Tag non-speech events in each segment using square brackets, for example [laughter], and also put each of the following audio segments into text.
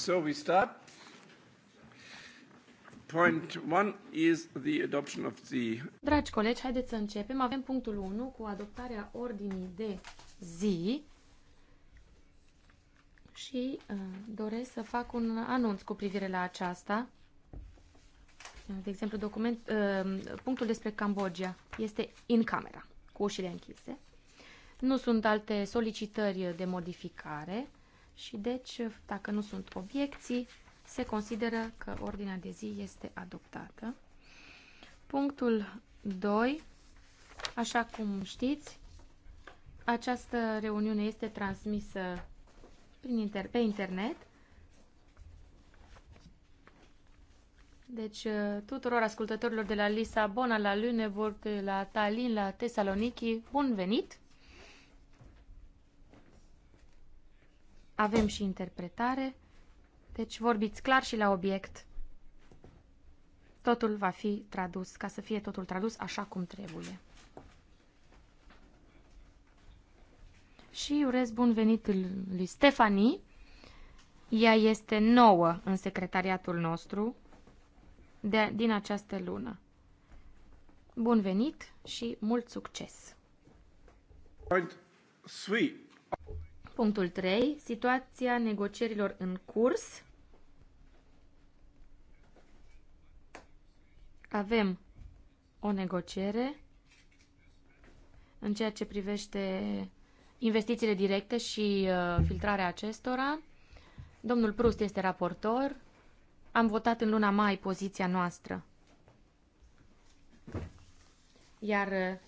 So we start. Point one is the adoption of the... Dragi colegi, haideți să începem. Avem punctul 1 cu adoptarea ordinii de zi și uh, doresc să fac un anunț cu privire la aceasta. De exemplu, document, uh, punctul despre Cambodgia este în camera, cu ușile închise. Nu sunt alte solicitări de modificare și deci, dacă nu sunt obiecții, se consideră că ordinea de zi este adoptată. Punctul 2. Așa cum știți, această reuniune este transmisă prin inter pe internet. Deci, tuturor ascultătorilor de la Lisabona, la Lüneburg, la Tallinn, la Tesaloniki, bun venit! Avem și interpretare, deci vorbiți clar și la obiect. Totul va fi tradus, ca să fie totul tradus așa cum trebuie. Și urez bun venit lui Stefanie. Ea este nouă în secretariatul nostru de, din această lună. Bun venit și mult succes! Point three. Punctul 3. Situația negocierilor în curs. Avem o negociere în ceea ce privește investițiile directe și uh, filtrarea acestora. Domnul Prust este raportor. Am votat în luna mai poziția noastră. Iar uh,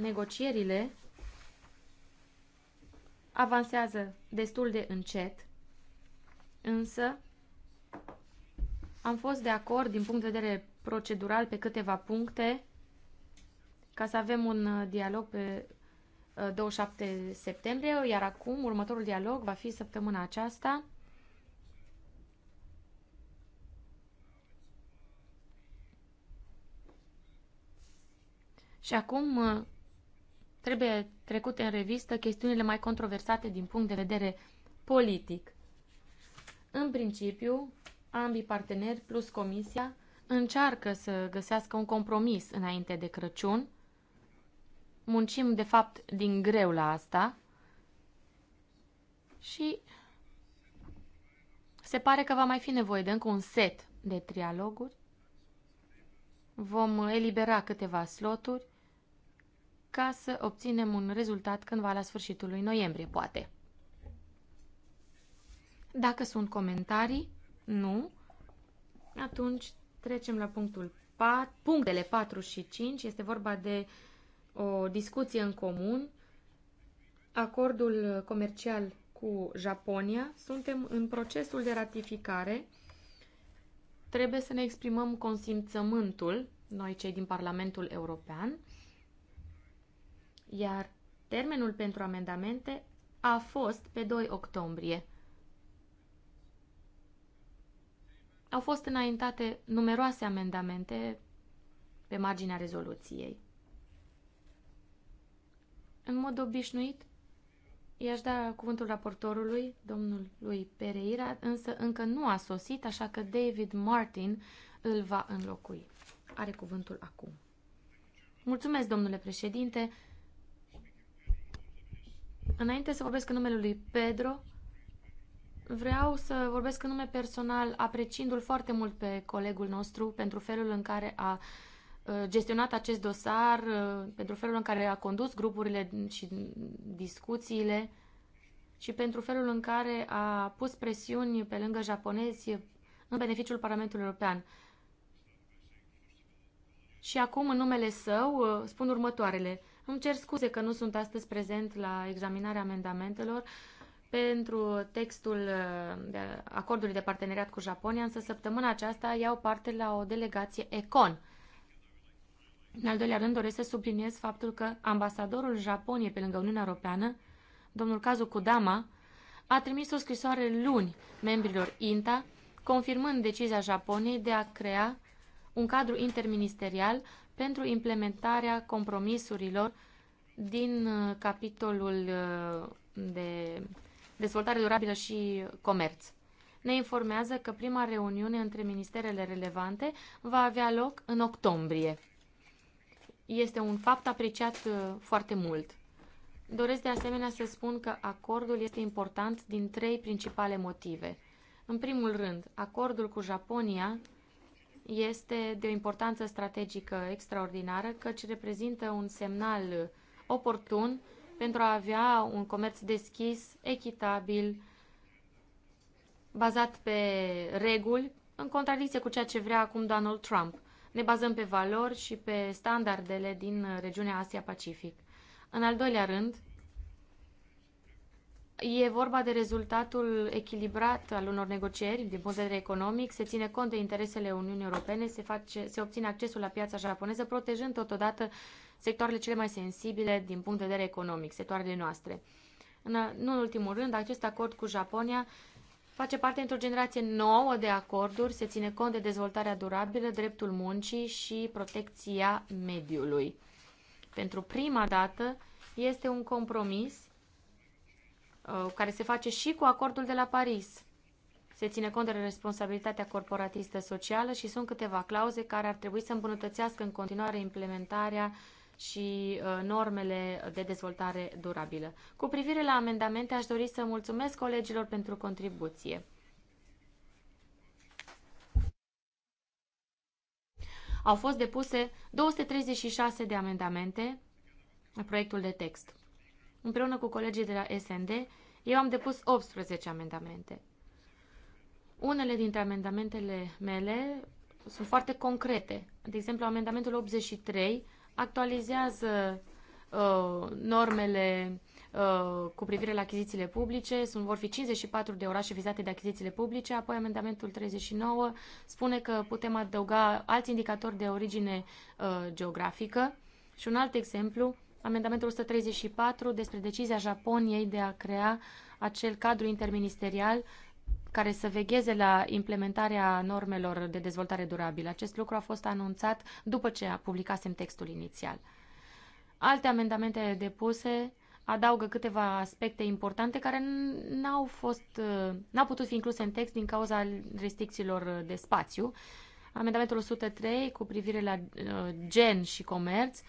negocierile avansează destul de încet, însă am fost de acord din punct de vedere procedural pe câteva puncte ca să avem un uh, dialog pe 27 uh, septembrie, iar acum următorul dialog va fi săptămâna aceasta. Și acum uh, trebuie trecute în revistă chestiunile mai controversate din punct de vedere politic. În principiu, ambii parteneri plus Comisia încearcă să găsească un compromis înainte de Crăciun. Muncim, de fapt, din greu la asta și se pare că va mai fi nevoie de încă un set de trialoguri. Vom elibera câteva sloturi ca să obținem un rezultat cândva la sfârșitul lui noiembrie, poate. Dacă sunt comentarii, nu, atunci trecem la punctul 4, punctele 4 și 5. Este vorba de o discuție în comun, acordul comercial cu Japonia. Suntem în procesul de ratificare. Trebuie să ne exprimăm consimțământul, noi cei din Parlamentul European, iar termenul pentru amendamente a fost pe 2 octombrie. Au fost înaintate numeroase amendamente pe marginea rezoluției. În mod obișnuit, i-aș da cuvântul raportorului, domnul lui Pereira, însă încă nu a sosit, așa că David Martin îl va înlocui. Are cuvântul acum. Mulțumesc, domnule președinte. Înainte să vorbesc în numele lui Pedro, vreau să vorbesc în nume personal, apreciindu-l foarte mult pe colegul nostru pentru felul în care a uh, gestionat acest dosar, uh, pentru felul în care a condus grupurile și discuțiile și pentru felul în care a pus presiuni pe lângă japonezi în beneficiul Parlamentului European. Și acum, în numele său, uh, spun următoarele. Îmi cer scuze că nu sunt astăzi prezent la examinarea amendamentelor pentru textul uh, de acordului de parteneriat cu Japonia, însă săptămâna aceasta iau parte la o delegație ECON. În al doilea rând, doresc să subliniez faptul că ambasadorul Japoniei pe lângă Uniunea Europeană, domnul Kazu Kudama, a trimis o scrisoare luni membrilor INTA, confirmând decizia Japoniei de a crea un cadru interministerial pentru implementarea compromisurilor din uh, capitolul uh, de dezvoltare durabilă și comerț. Ne informează că prima reuniune între ministerele relevante va avea loc în octombrie. Este un fapt apreciat uh, foarte mult. Doresc de asemenea să spun că acordul este important din trei principale motive. În primul rând, acordul cu Japonia este de o importanță strategică extraordinară, căci reprezintă un semnal oportun pentru a avea un comerț deschis, echitabil, bazat pe reguli, în contradicție cu ceea ce vrea acum Donald Trump. Ne bazăm pe valori și pe standardele din regiunea Asia-Pacific. În al doilea rând, E vorba de rezultatul echilibrat al unor negocieri din punct de vedere economic, se ține cont de interesele Uniunii Europene, se, face, se obține accesul la piața japoneză, protejând totodată sectoarele cele mai sensibile din punct de vedere economic, sectoarele noastre. În, nu în ultimul rând, acest acord cu Japonia face parte într-o generație nouă de acorduri, se ține cont de dezvoltarea durabilă, dreptul muncii și protecția mediului. Pentru prima dată este un compromis Uh, care se face și cu acordul de la Paris. Se ține cont de responsabilitatea corporatistă socială și sunt câteva clauze care ar trebui să îmbunătățească în continuare implementarea și uh, normele de dezvoltare durabilă. Cu privire la amendamente, aș dori să mulțumesc colegilor pentru contribuție. Au fost depuse 236 de amendamente la proiectul de text împreună cu colegii de la SND, eu am depus 18 amendamente. Unele dintre amendamentele mele sunt foarte concrete. De exemplu, amendamentul 83 actualizează uh, normele uh, cu privire la achizițiile publice. Sunt, vor fi 54 de orașe vizate de achizițiile publice. Apoi, amendamentul 39 spune că putem adăuga alți indicatori de origine uh, geografică. Și un alt exemplu, amendamentul 134 despre decizia Japoniei de a crea acel cadru interministerial care să vegheze la implementarea normelor de dezvoltare durabilă. Acest lucru a fost anunțat după ce a publicasem textul inițial. Alte amendamente depuse adaugă câteva aspecte importante care n-au fost, n-au putut fi incluse în text din cauza restricțiilor de spațiu. Amendamentul 103 cu privire la uh, gen și comerț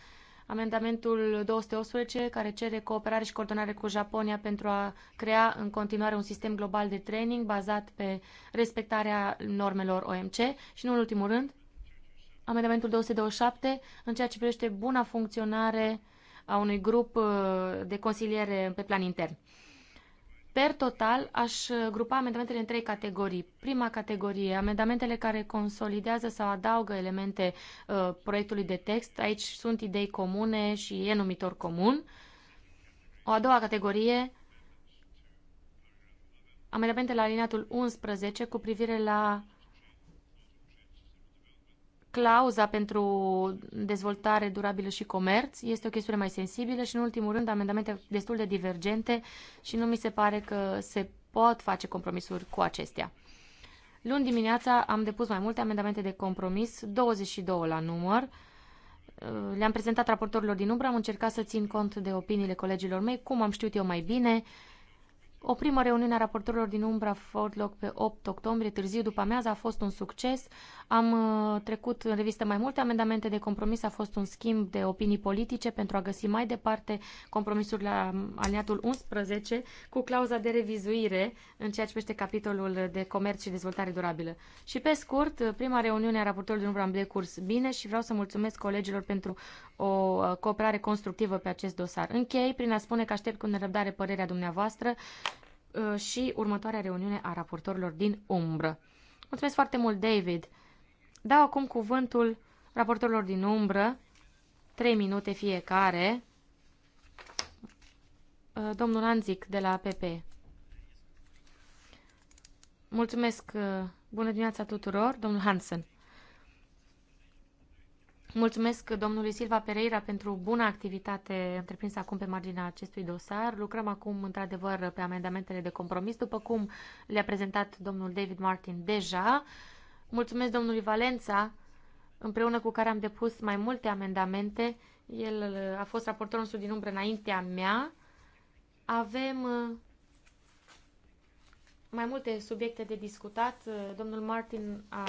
Amendamentul 218, care cere cooperare și coordonare cu Japonia pentru a crea în continuare un sistem global de training bazat pe respectarea normelor OMC și, nu în ultimul rând, amendamentul 227, în ceea ce privește buna funcționare a unui grup uh, de consiliere pe plan intern. Per total, aș grupa amendamentele în trei categorii. Prima categorie, amendamentele care consolidează sau adaugă elemente uh, proiectului de text. Aici sunt idei comune și e numitor comun. O a doua categorie, amendamente la alineatul 11 cu privire la clauza pentru dezvoltare durabilă și comerț este o chestiune mai sensibilă și, în ultimul rând, amendamente destul de divergente și nu mi se pare că se pot face compromisuri cu acestea. Luni dimineața am depus mai multe amendamente de compromis, 22 la număr. Le-am prezentat raportorilor din umbră, am încercat să țin cont de opiniile colegilor mei, cum am știut eu mai bine o primă reuniune a raportorilor din Umbra a fost loc pe 8 octombrie, târziu după amiază a fost un succes. Am uh, trecut în revistă mai multe amendamente de compromis, a fost un schimb de opinii politice pentru a găsi mai departe compromisul la um, aliniatul 11 cu clauza de revizuire în ceea ce privește capitolul de comerț și dezvoltare durabilă. Și pe scurt, uh, prima reuniune a raportorilor din Umbra am decurs bine și vreau să mulțumesc colegilor pentru o uh, cooperare constructivă pe acest dosar. Închei prin a spune că aștept cu nerăbdare părerea dumneavoastră uh, și următoarea reuniune a raportorilor din umbră. Mulțumesc foarte mult, David! Dau acum cuvântul raportorilor din umbră, trei minute fiecare. Uh, domnul Anzic de la APP. Mulțumesc! Bună dimineața tuturor, domnul Hansen! Mulțumesc domnului Silva Pereira pentru bună activitate întreprinsă acum pe marginea acestui dosar. Lucrăm acum, într-adevăr, pe amendamentele de compromis, după cum le-a prezentat domnul David Martin deja. Mulțumesc domnului Valența, împreună cu care am depus mai multe amendamente. El uh, a fost raportorul nostru din umbră înaintea mea. Avem uh, mai multe subiecte de discutat. Uh, domnul Martin a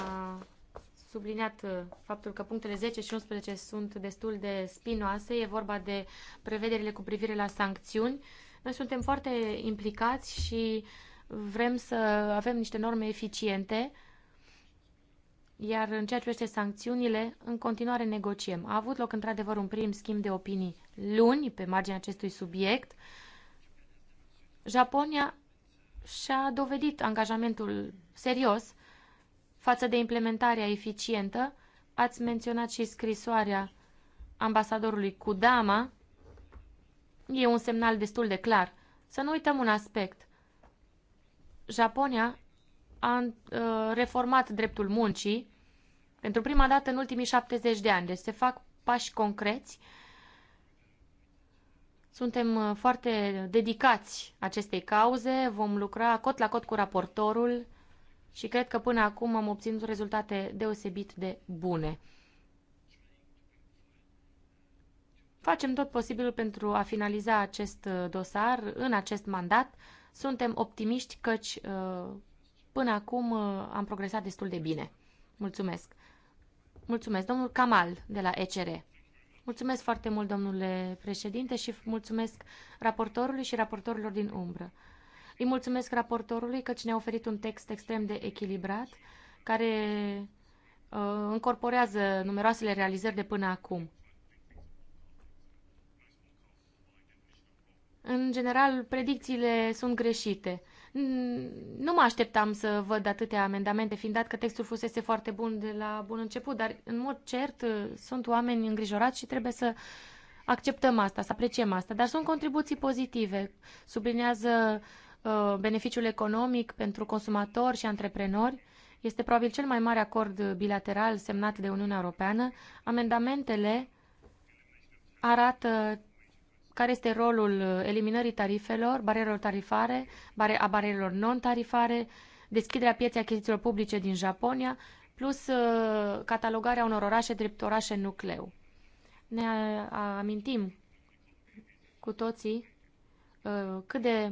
subliniat uh, faptul că punctele 10 și 11 sunt destul de spinoase. E vorba de prevederile cu privire la sancțiuni. Noi suntem foarte implicați și vrem să avem niște norme eficiente. Iar în ceea ce privește sancțiunile, în continuare negociem. A avut loc într-adevăr un prim schimb de opinii luni pe marginea acestui subiect. Japonia și-a dovedit angajamentul serios Față de implementarea eficientă, ați menționat și scrisoarea ambasadorului Kudama. E un semnal destul de clar. Să nu uităm un aspect. Japonia a uh, reformat dreptul muncii pentru prima dată în ultimii 70 de ani, deci se fac pași concreți. Suntem uh, foarte dedicați acestei cauze, vom lucra cot la cot cu raportorul și cred că până acum am obținut rezultate deosebit de bune. Facem tot posibilul pentru a finaliza acest uh, dosar în acest mandat. Suntem optimiști căci uh, până acum uh, am progresat destul de bine. Mulțumesc! Mulțumesc, domnul Kamal de la ECR. Mulțumesc foarte mult, domnule președinte, și mulțumesc raportorului și raportorilor din umbră. Îi mulțumesc raportorului căci ne-a oferit un text extrem de echilibrat, care uh, încorporează numeroasele realizări de până acum. În general, predicțiile sunt greșite. Nu mă așteptam să văd atâtea amendamente, fiind dat că textul fusese foarte bun de la bun început, dar în mod cert sunt oameni îngrijorați și trebuie să acceptăm asta, să apreciem asta. Dar sunt contribuții pozitive. Sublinează uh, Uh, beneficiul economic pentru consumatori și antreprenori. Este probabil cel mai mare acord bilateral semnat de Uniunea Europeană. Amendamentele arată care este rolul eliminării tarifelor, barierelor tarifare, a barierelor non-tarifare, deschiderea pieței achizițiilor publice din Japonia, plus uh, catalogarea unor orașe drept orașe nucleu. Ne amintim cu toții uh, cât de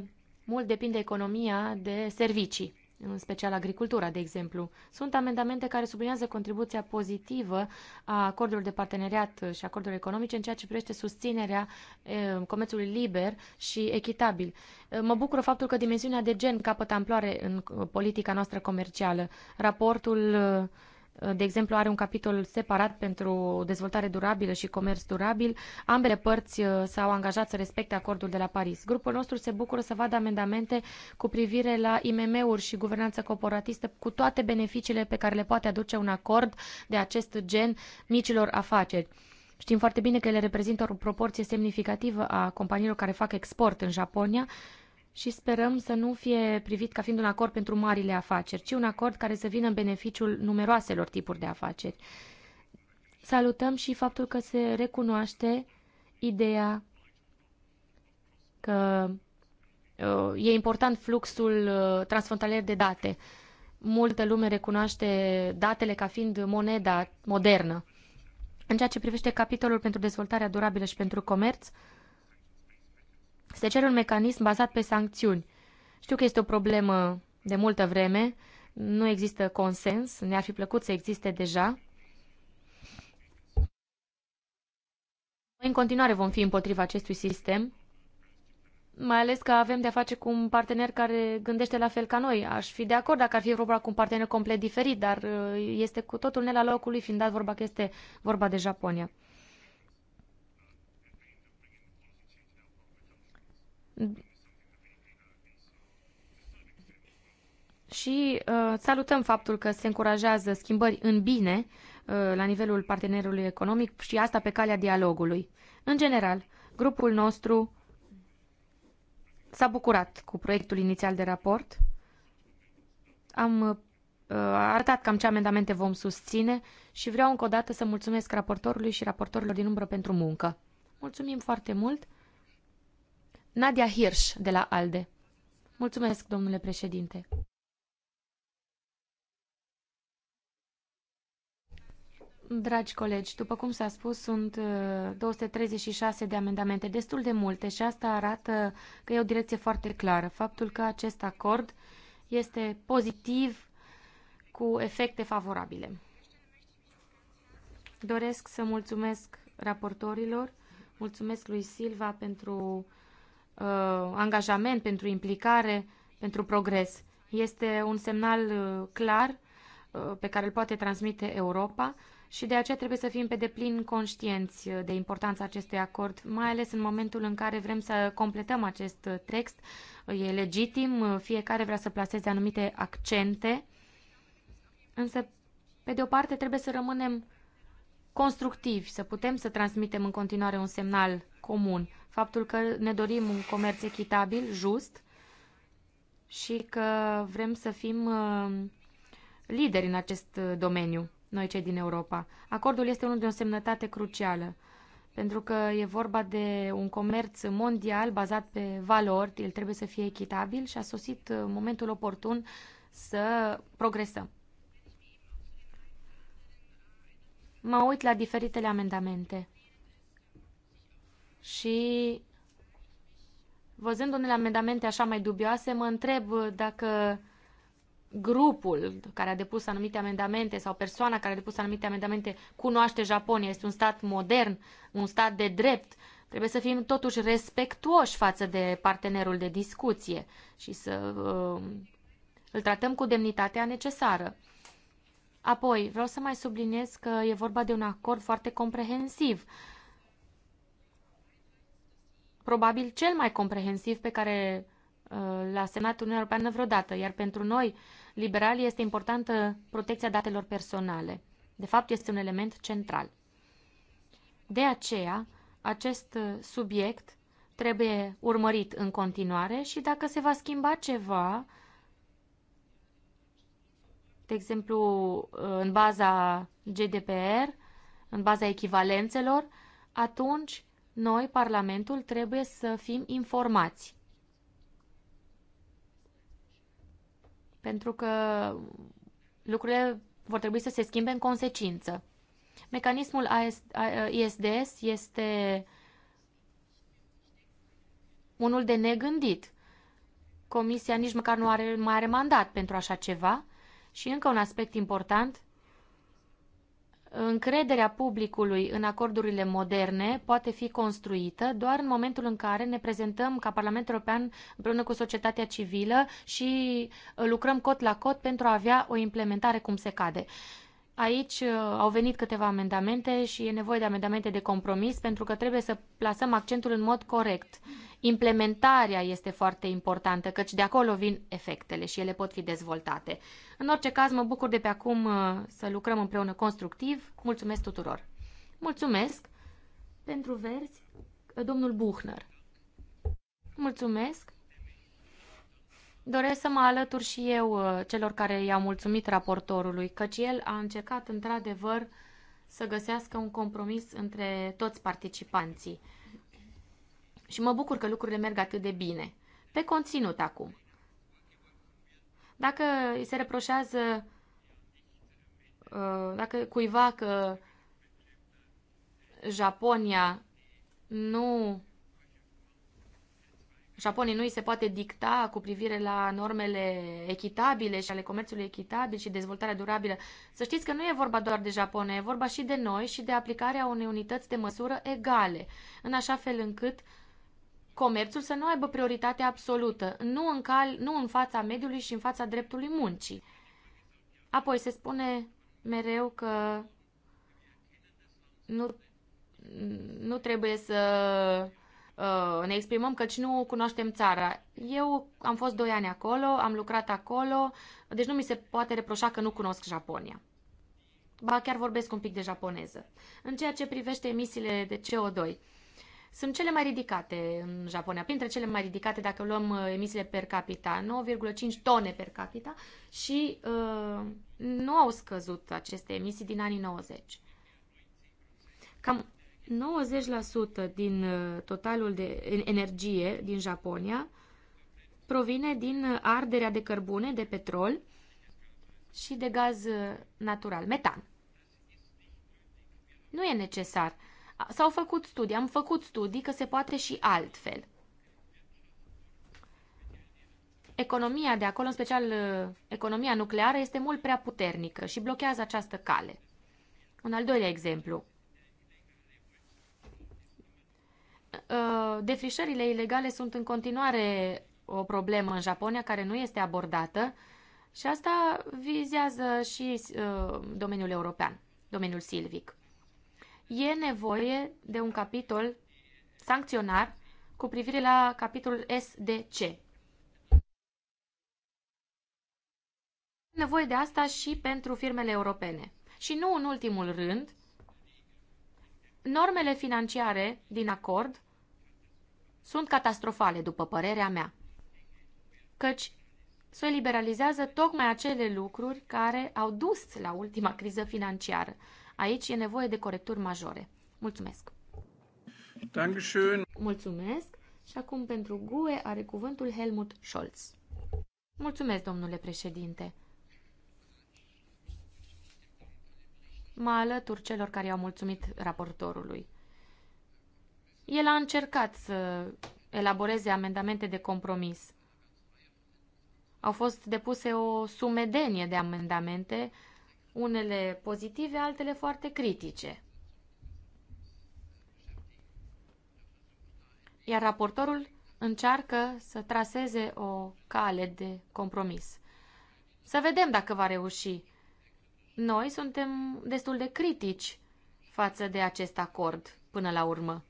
mult depinde economia de servicii, în special agricultura, de exemplu. Sunt amendamente care sublinează contribuția pozitivă a acordurilor de parteneriat și acordurilor economice în ceea ce privește susținerea eh, comerțului liber și echitabil. Eh, mă bucură faptul că dimensiunea de gen capătă amploare în eh, politica noastră comercială. Raportul de exemplu, are un capitol separat pentru dezvoltare durabilă și comerț durabil. Ambele părți uh, s-au angajat să respecte acordul de la Paris. Grupul nostru se bucură să vadă amendamente cu privire la IMM-uri și guvernanță corporatistă cu toate beneficiile pe care le poate aduce un acord de acest gen micilor afaceri. Știm foarte bine că ele reprezintă o proporție semnificativă a companiilor care fac export în Japonia și sperăm să nu fie privit ca fiind un acord pentru marile afaceri, ci un acord care să vină în beneficiul numeroaselor tipuri de afaceri. Salutăm și faptul că se recunoaște ideea că uh, e important fluxul uh, transfrontalier de date. Multă lume recunoaște datele ca fiind moneda modernă. În ceea ce privește capitolul pentru dezvoltarea durabilă și pentru comerț, se cere un mecanism bazat pe sancțiuni. Știu că este o problemă de multă vreme, nu există consens, ne-ar fi plăcut să existe deja. în continuare vom fi împotriva acestui sistem, mai ales că avem de-a face cu un partener care gândește la fel ca noi. Aș fi de acord dacă ar fi vorba cu un partener complet diferit, dar uh, este cu totul ne la locului, fiind dat vorba că este vorba de Japonia. Și uh, salutăm faptul că se încurajează schimbări în bine uh, la nivelul partenerului economic și asta pe calea dialogului. În general, grupul nostru s-a bucurat cu proiectul inițial de raport. Am uh, arătat cam ce amendamente vom susține și vreau încă o dată să mulțumesc raportorului și raportorilor din umbră pentru muncă. Mulțumim foarte mult! Nadia Hirsch de la ALDE. Mulțumesc, domnule președinte. Dragi colegi, după cum s-a spus, sunt 236 uh, de amendamente, destul de multe și asta arată că e o direcție foarte clară. Faptul că acest acord este pozitiv cu efecte favorabile. Doresc să mulțumesc raportorilor, mulțumesc lui Silva pentru uh, angajament, pentru implicare, pentru progres. Este un semnal uh, clar uh, pe care îl poate transmite Europa și de aceea trebuie să fim pe deplin conștienți uh, de importanța acestui acord, mai ales în momentul în care vrem să completăm acest uh, text. E legitim, fiecare vrea să placeze anumite accente, însă, pe de o parte, trebuie să rămânem constructivi, să putem să transmitem în continuare un semnal comun. Faptul că ne dorim un comerț echitabil, just și că vrem să fim uh, lideri în acest uh, domeniu, noi cei din Europa. Acordul este unul de o semnătate crucială, pentru că e vorba de un comerț mondial bazat pe valori, el trebuie să fie echitabil și a sosit uh, momentul oportun să progresăm. Mă uit la diferitele amendamente. Și văzând unele amendamente așa mai dubioase, mă întreb dacă grupul care a depus anumite amendamente sau persoana care a depus anumite amendamente cunoaște Japonia, este un stat modern, un stat de drept, trebuie să fim totuși respectuoși față de partenerul de discuție și să uh, îl tratăm cu demnitatea necesară. Apoi, vreau să mai subliniez că e vorba de un acord foarte comprehensiv. Uh, probabil cel mai comprehensiv pe care uh, l-a semnat Uniunea Europeană vreodată, iar pentru noi, liberali, este importantă protecția datelor personale. De fapt, este un element central. De aceea, acest uh, subiect trebuie urmărit în continuare și dacă se va schimba ceva, de exemplu, uh, în baza GDPR, în baza echivalențelor, atunci noi, Parlamentul, trebuie să fim informați. Pentru că lucrurile vor trebui să se schimbe în consecință. Mecanismul ISDS este unul de negândit. Comisia nici măcar nu are, mai are mandat pentru așa ceva. Și încă un aspect important, Încrederea publicului în acordurile moderne poate fi construită doar în momentul în care ne prezentăm ca Parlament European împreună cu societatea civilă și uh, lucrăm cot la cot pentru a avea o implementare cum se cade. Aici uh, au venit câteva amendamente și e nevoie de amendamente de compromis pentru că trebuie să plasăm accentul în mod corect. Implementarea este foarte importantă, căci de acolo vin efectele și ele pot fi dezvoltate. În orice caz, mă bucur de pe acum uh, să lucrăm împreună constructiv. Mulțumesc tuturor! Mulțumesc pentru verzi, domnul Buchner. Mulțumesc! Doresc să mă alătur și eu uh, celor care i-au mulțumit raportorului, căci el a încercat într-adevăr să găsească un compromis între toți participanții. Și mă bucur că lucrurile merg atât de bine. Pe conținut acum. Dacă îi se reproșează uh, dacă cuiva că Japonia nu Japonii nu îi se poate dicta cu privire la normele echitabile și ale comerțului echitabil și dezvoltarea durabilă. Să știți că nu e vorba doar de Japonia, e vorba și de noi și de aplicarea unei unități de măsură egale, în așa fel încât comerțul să nu aibă prioritate absolută, nu în, cal, nu în fața mediului și în fața dreptului muncii. Apoi se spune mereu că nu, nu trebuie să Uh, ne exprimăm căci nu cunoaștem țara. Eu am fost doi ani acolo, am lucrat acolo, deci nu mi se poate reproșa că nu cunosc Japonia. Ba chiar vorbesc un pic de japoneză. În ceea ce privește emisiile de CO2, sunt cele mai ridicate în Japonia, printre cele mai ridicate dacă luăm uh, emisiile per capita, 9,5 tone per capita și uh, nu au scăzut aceste emisii din anii 90. Cam 90% din uh, totalul de energie din Japonia provine din uh, arderea de cărbune, de petrol și de gaz uh, natural, metan. Nu e necesar. S-au făcut studii, am făcut studii că se poate și altfel. Economia de acolo, în special economia nucleară, este mult prea puternică și blochează această cale. Un al doilea exemplu Uh, defrișările ilegale sunt în continuare o problemă în Japonia care nu este abordată și asta vizează și uh, domeniul european, domeniul silvic. E nevoie de un capitol sancționar cu privire la capitolul SDC. Nevoie de asta și pentru firmele europene. Și nu în ultimul rând, Normele financiare din acord sunt catastrofale, după părerea mea, căci se liberalizează tocmai acele lucruri care au dus la ultima criză financiară. Aici e nevoie de corecturi majore. Mulțumesc! Dankeschön. Mulțumesc! Și acum pentru GUE are cuvântul Helmut Scholz. Mulțumesc, domnule președinte! mă alătur celor care i-au mulțumit raportorului. El a încercat să elaboreze amendamente de compromis. Au fost depuse o sumedenie de amendamente, unele pozitive, altele foarte critice. Iar raportorul încearcă să traseze o cale de compromis. Să vedem dacă va reuși noi suntem destul de critici față de acest acord până la urmă.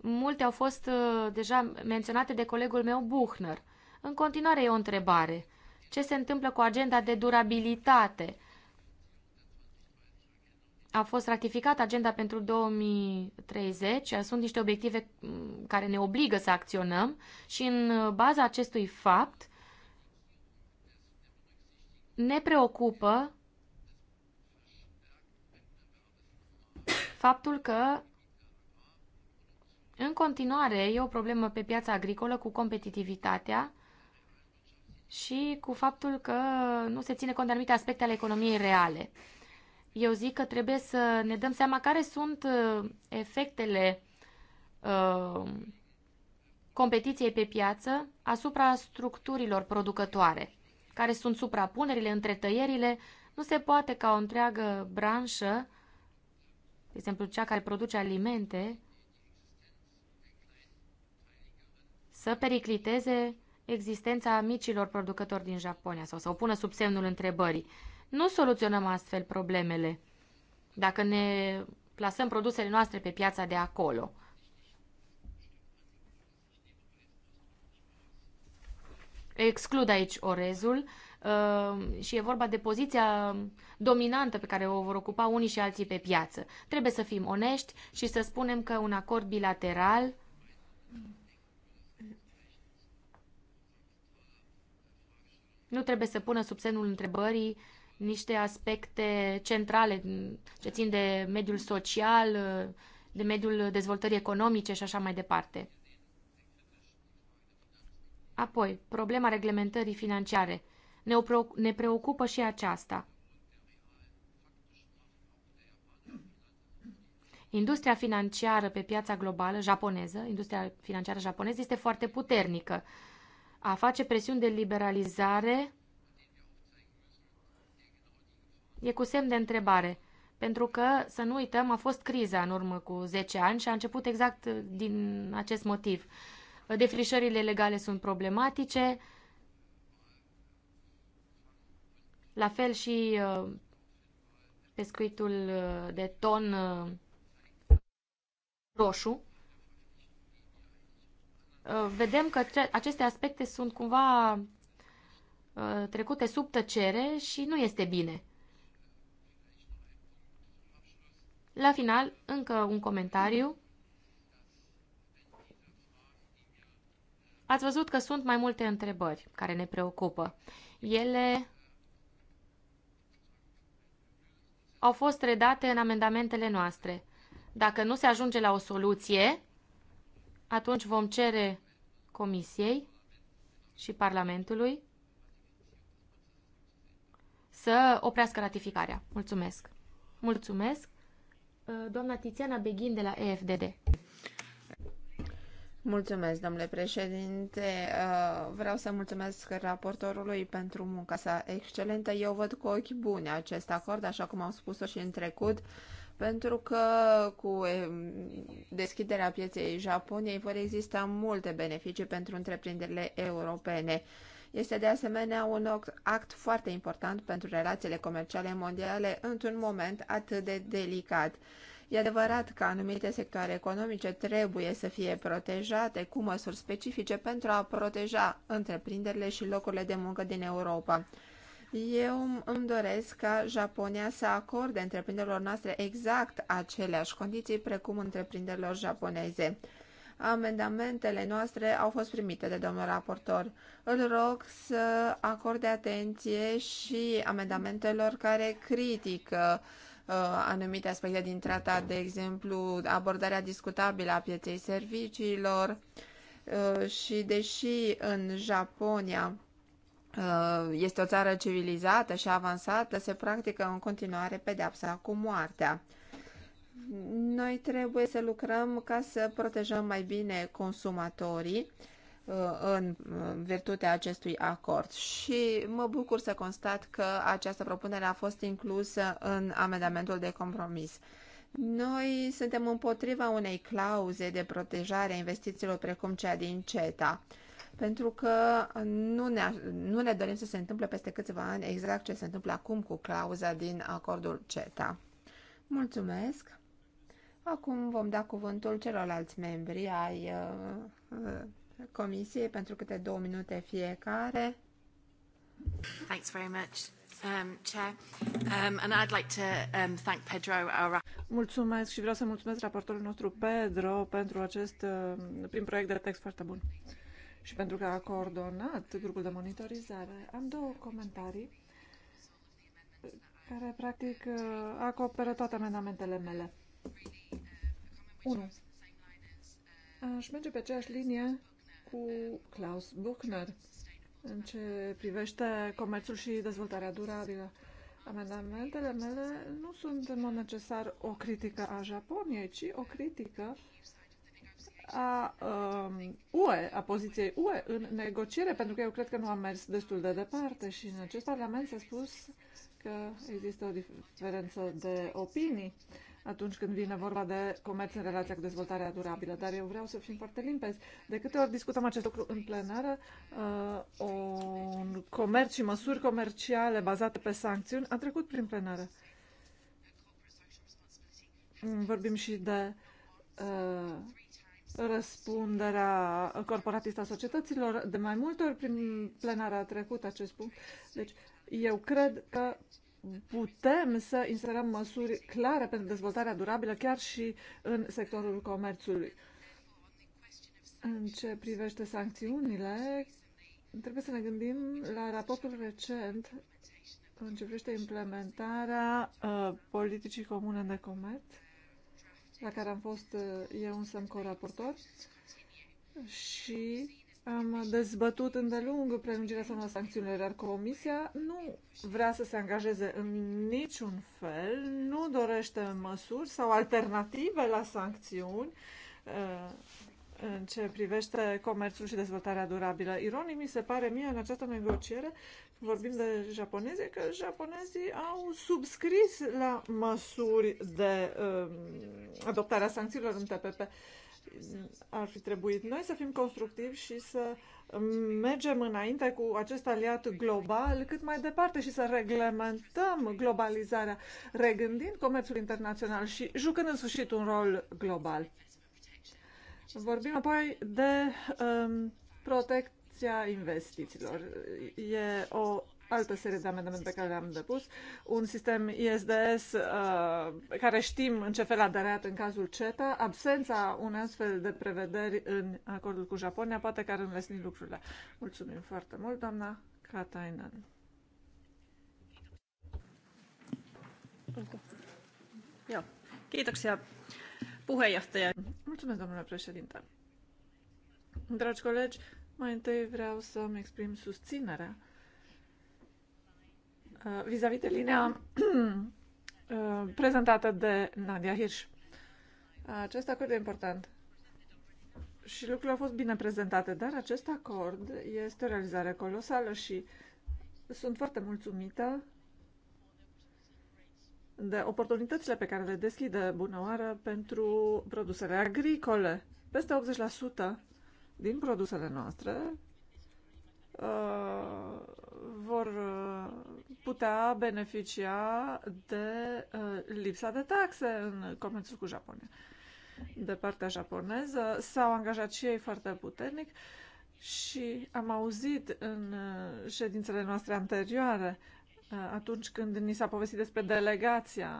Multe au fost uh, deja menționate de colegul meu Buchner. În continuare e o întrebare. Ce se întâmplă cu agenda de durabilitate? a fost ratificată agenda pentru 2030, sunt niște obiective mm, care ne obligă să acționăm și în uh, baza acestui fapt ne preocupă faptul că în continuare e o problemă pe piața agricolă cu competitivitatea și cu faptul că nu se ține cont de anumite aspecte ale economiei reale. Eu zic că trebuie să ne dăm seama care sunt uh, efectele uh, competiției pe piață asupra structurilor producătoare, care sunt suprapunerile, tăierile. Nu se poate ca o întreagă branșă de exemplu cea care produce alimente, să pericliteze existența micilor producători din Japonia sau să o pună sub semnul întrebării. Nu soluționăm astfel problemele dacă ne plasăm produsele noastre pe piața de acolo. Exclud aici orezul Ehm, și e vorba de poziția dominantă pe care o vor ocupa unii și alții pe piață. Trebuie să fim onești și să spunem că un acord bilateral nu trebuie să pună sub semnul întrebării niște aspecte centrale ce țin de mediul social, de mediul dezvoltării economice și așa mai departe. Apoi, problema reglementării financiare – ne preocupă și aceasta. Industria financiară pe piața globală japoneză, industria financiară japoneză este foarte puternică. A face presiuni de liberalizare e cu semn de întrebare. Pentru că, să nu uităm, a fost criza în urmă cu 10 ani și a început exact din acest motiv. Defrișările legale sunt problematice, La fel și uh, pescuitul uh, de ton uh, roșu. Vedem că aceste aspecte sunt cumva trecute sub tăcere și nu este bine. La final, încă un comentariu. Ați văzut că sunt mai multe întrebări care ne preocupă. Ele au fost redate în amendamentele noastre. Dacă nu se ajunge la o soluție, atunci vom cere Comisiei și Parlamentului să oprească ratificarea. Mulțumesc! Mulțumesc! Uh, doamna Tiziana Beghin de la EFDD. Mulțumesc, domnule președinte. Uh, vreau să mulțumesc raportorului pentru munca sa excelentă. Eu văd cu ochi buni acest acord, așa cum am spus-o și în trecut, pentru că cu um, deschiderea pieței Japoniei vor exista multe beneficii pentru întreprinderile europene. Este de asemenea un act foarte important pentru relațiile comerciale mondiale într-un moment atât de delicat. E adevărat că anumite sectoare economice trebuie să fie protejate cu măsuri specifice pentru a proteja întreprinderile și locurile de muncă din Europa. Eu îmi doresc ca Japonia să acorde întreprinderilor noastre exact aceleași condiții precum întreprinderilor japoneze. Amendamentele noastre au fost primite de domnul raportor. Îl rog să acorde atenție și amendamentelor care critică uh, Uh, anumite aspecte din tratat, de exemplu abordarea discutabilă a pieței serviciilor uh, și deși în Japonia uh, este o țară civilizată și avansată, se practică în continuare pedeapsa cu moartea. Noi trebuie să lucrăm ca să protejăm mai bine consumatorii Uh, în uh, virtutea acestui acord. Și mă bucur să constat că această propunere a fost inclusă în amendamentul de compromis. Noi suntem împotriva unei clauze de protejare a investițiilor precum cea din CETA, pentru că nu ne, nu ne dorim să se întâmple peste câțiva ani exact ce se întâmplă acum cu clauza din acordul CETA. Mulțumesc! Acum vom da cuvântul celorlalți membri ai uh, uh, Comisiei pentru câte două minute fiecare. Thanks very much. Um, chair. Um, and I'd like to um, thank Pedro, our... Mulțumesc și vreau să mulțumesc raportorul nostru Pedro pentru acest uh, prim proiect de text foarte bun și pentru că a coordonat grupul de monitorizare. Am două comentarii care practic uh, acoperă toate amendamentele mele. 1. Aș merge pe aceeași linie cu Klaus Buchner în ce privește comerțul și dezvoltarea durabilă. Amendamentele mele nu sunt în mod necesar o critică a Japoniei, ci o critică a um, UE, a poziției UE în negociere, pentru că eu cred că nu am mers destul de departe și în acest parlament s-a spus că există o diferență de opinii atunci când vine vorba de comerț în relația cu dezvoltarea durabilă, dar eu vreau să fim foarte limpezi. De câte ori discutăm acest lucru în plenară, uh, un comerț și măsuri comerciale bazate pe sancțiuni a trecut prin plenară. Vorbim și de uh, răspunderea corporatistă a societăților. De mai multe ori prin plenară a trecut acest punct. Deci, eu cred că putem să inserăm măsuri clare pentru dezvoltarea durabilă chiar și în sectorul comerțului. În ce privește sancțiunile, trebuie să ne gândim la raportul recent în ce privește implementarea uh, politicii comune de comerț, la care am fost uh, eu însă co-raportor, și am dezbătut îndelung prelungirea sau nu sancțiunilor, iar Comisia nu vrea să se angajeze în niciun fel, nu dorește măsuri sau alternative la sancțiuni uh, în ce privește comerțul și dezvoltarea durabilă. Ironic mi se pare mie în această negociere, vorbim de japonezi, că japonezii au subscris la măsuri de uh, adoptarea sancțiunilor în TPP ar fi trebuit noi să fim constructivi și să mergem înainte cu acest aliat global cât mai departe și să reglementăm globalizarea, regândind comerțul internațional și jucând în sfârșit un rol global. Vorbim apoi de um, protecția investițiilor. E o altă serie de amendamente pe care le-am depus, un sistem ISDS uh, care știm în ce fel a dareat în cazul CETA, absența unei astfel de prevederi în acordul cu Japonia, poate că ar înlesni lucrurile. Mulțumim foarte mult, doamna Katainen. Mulțumesc, domnule președinte. Dragi colegi, mai întâi vreau să-mi exprim susținerea Uh, vis-a-vis -vis de linia [clears throat] uh, prezentată de Nadia Hirsch. Acest acord e important. Și lucrurile au fost bine prezentate, dar acest acord este o realizare colosală și sunt foarte mulțumită de oportunitățile pe care le deschide bunăoară pentru produsele agricole. Peste 80% din produsele noastre uh, vor uh, putea beneficia de uh, lipsa de taxe în comerțul cu Japonia. De partea japoneză s-au angajat și ei foarte puternic și am auzit în uh, ședințele noastre anterioare uh, atunci când ni s-a povestit despre delegația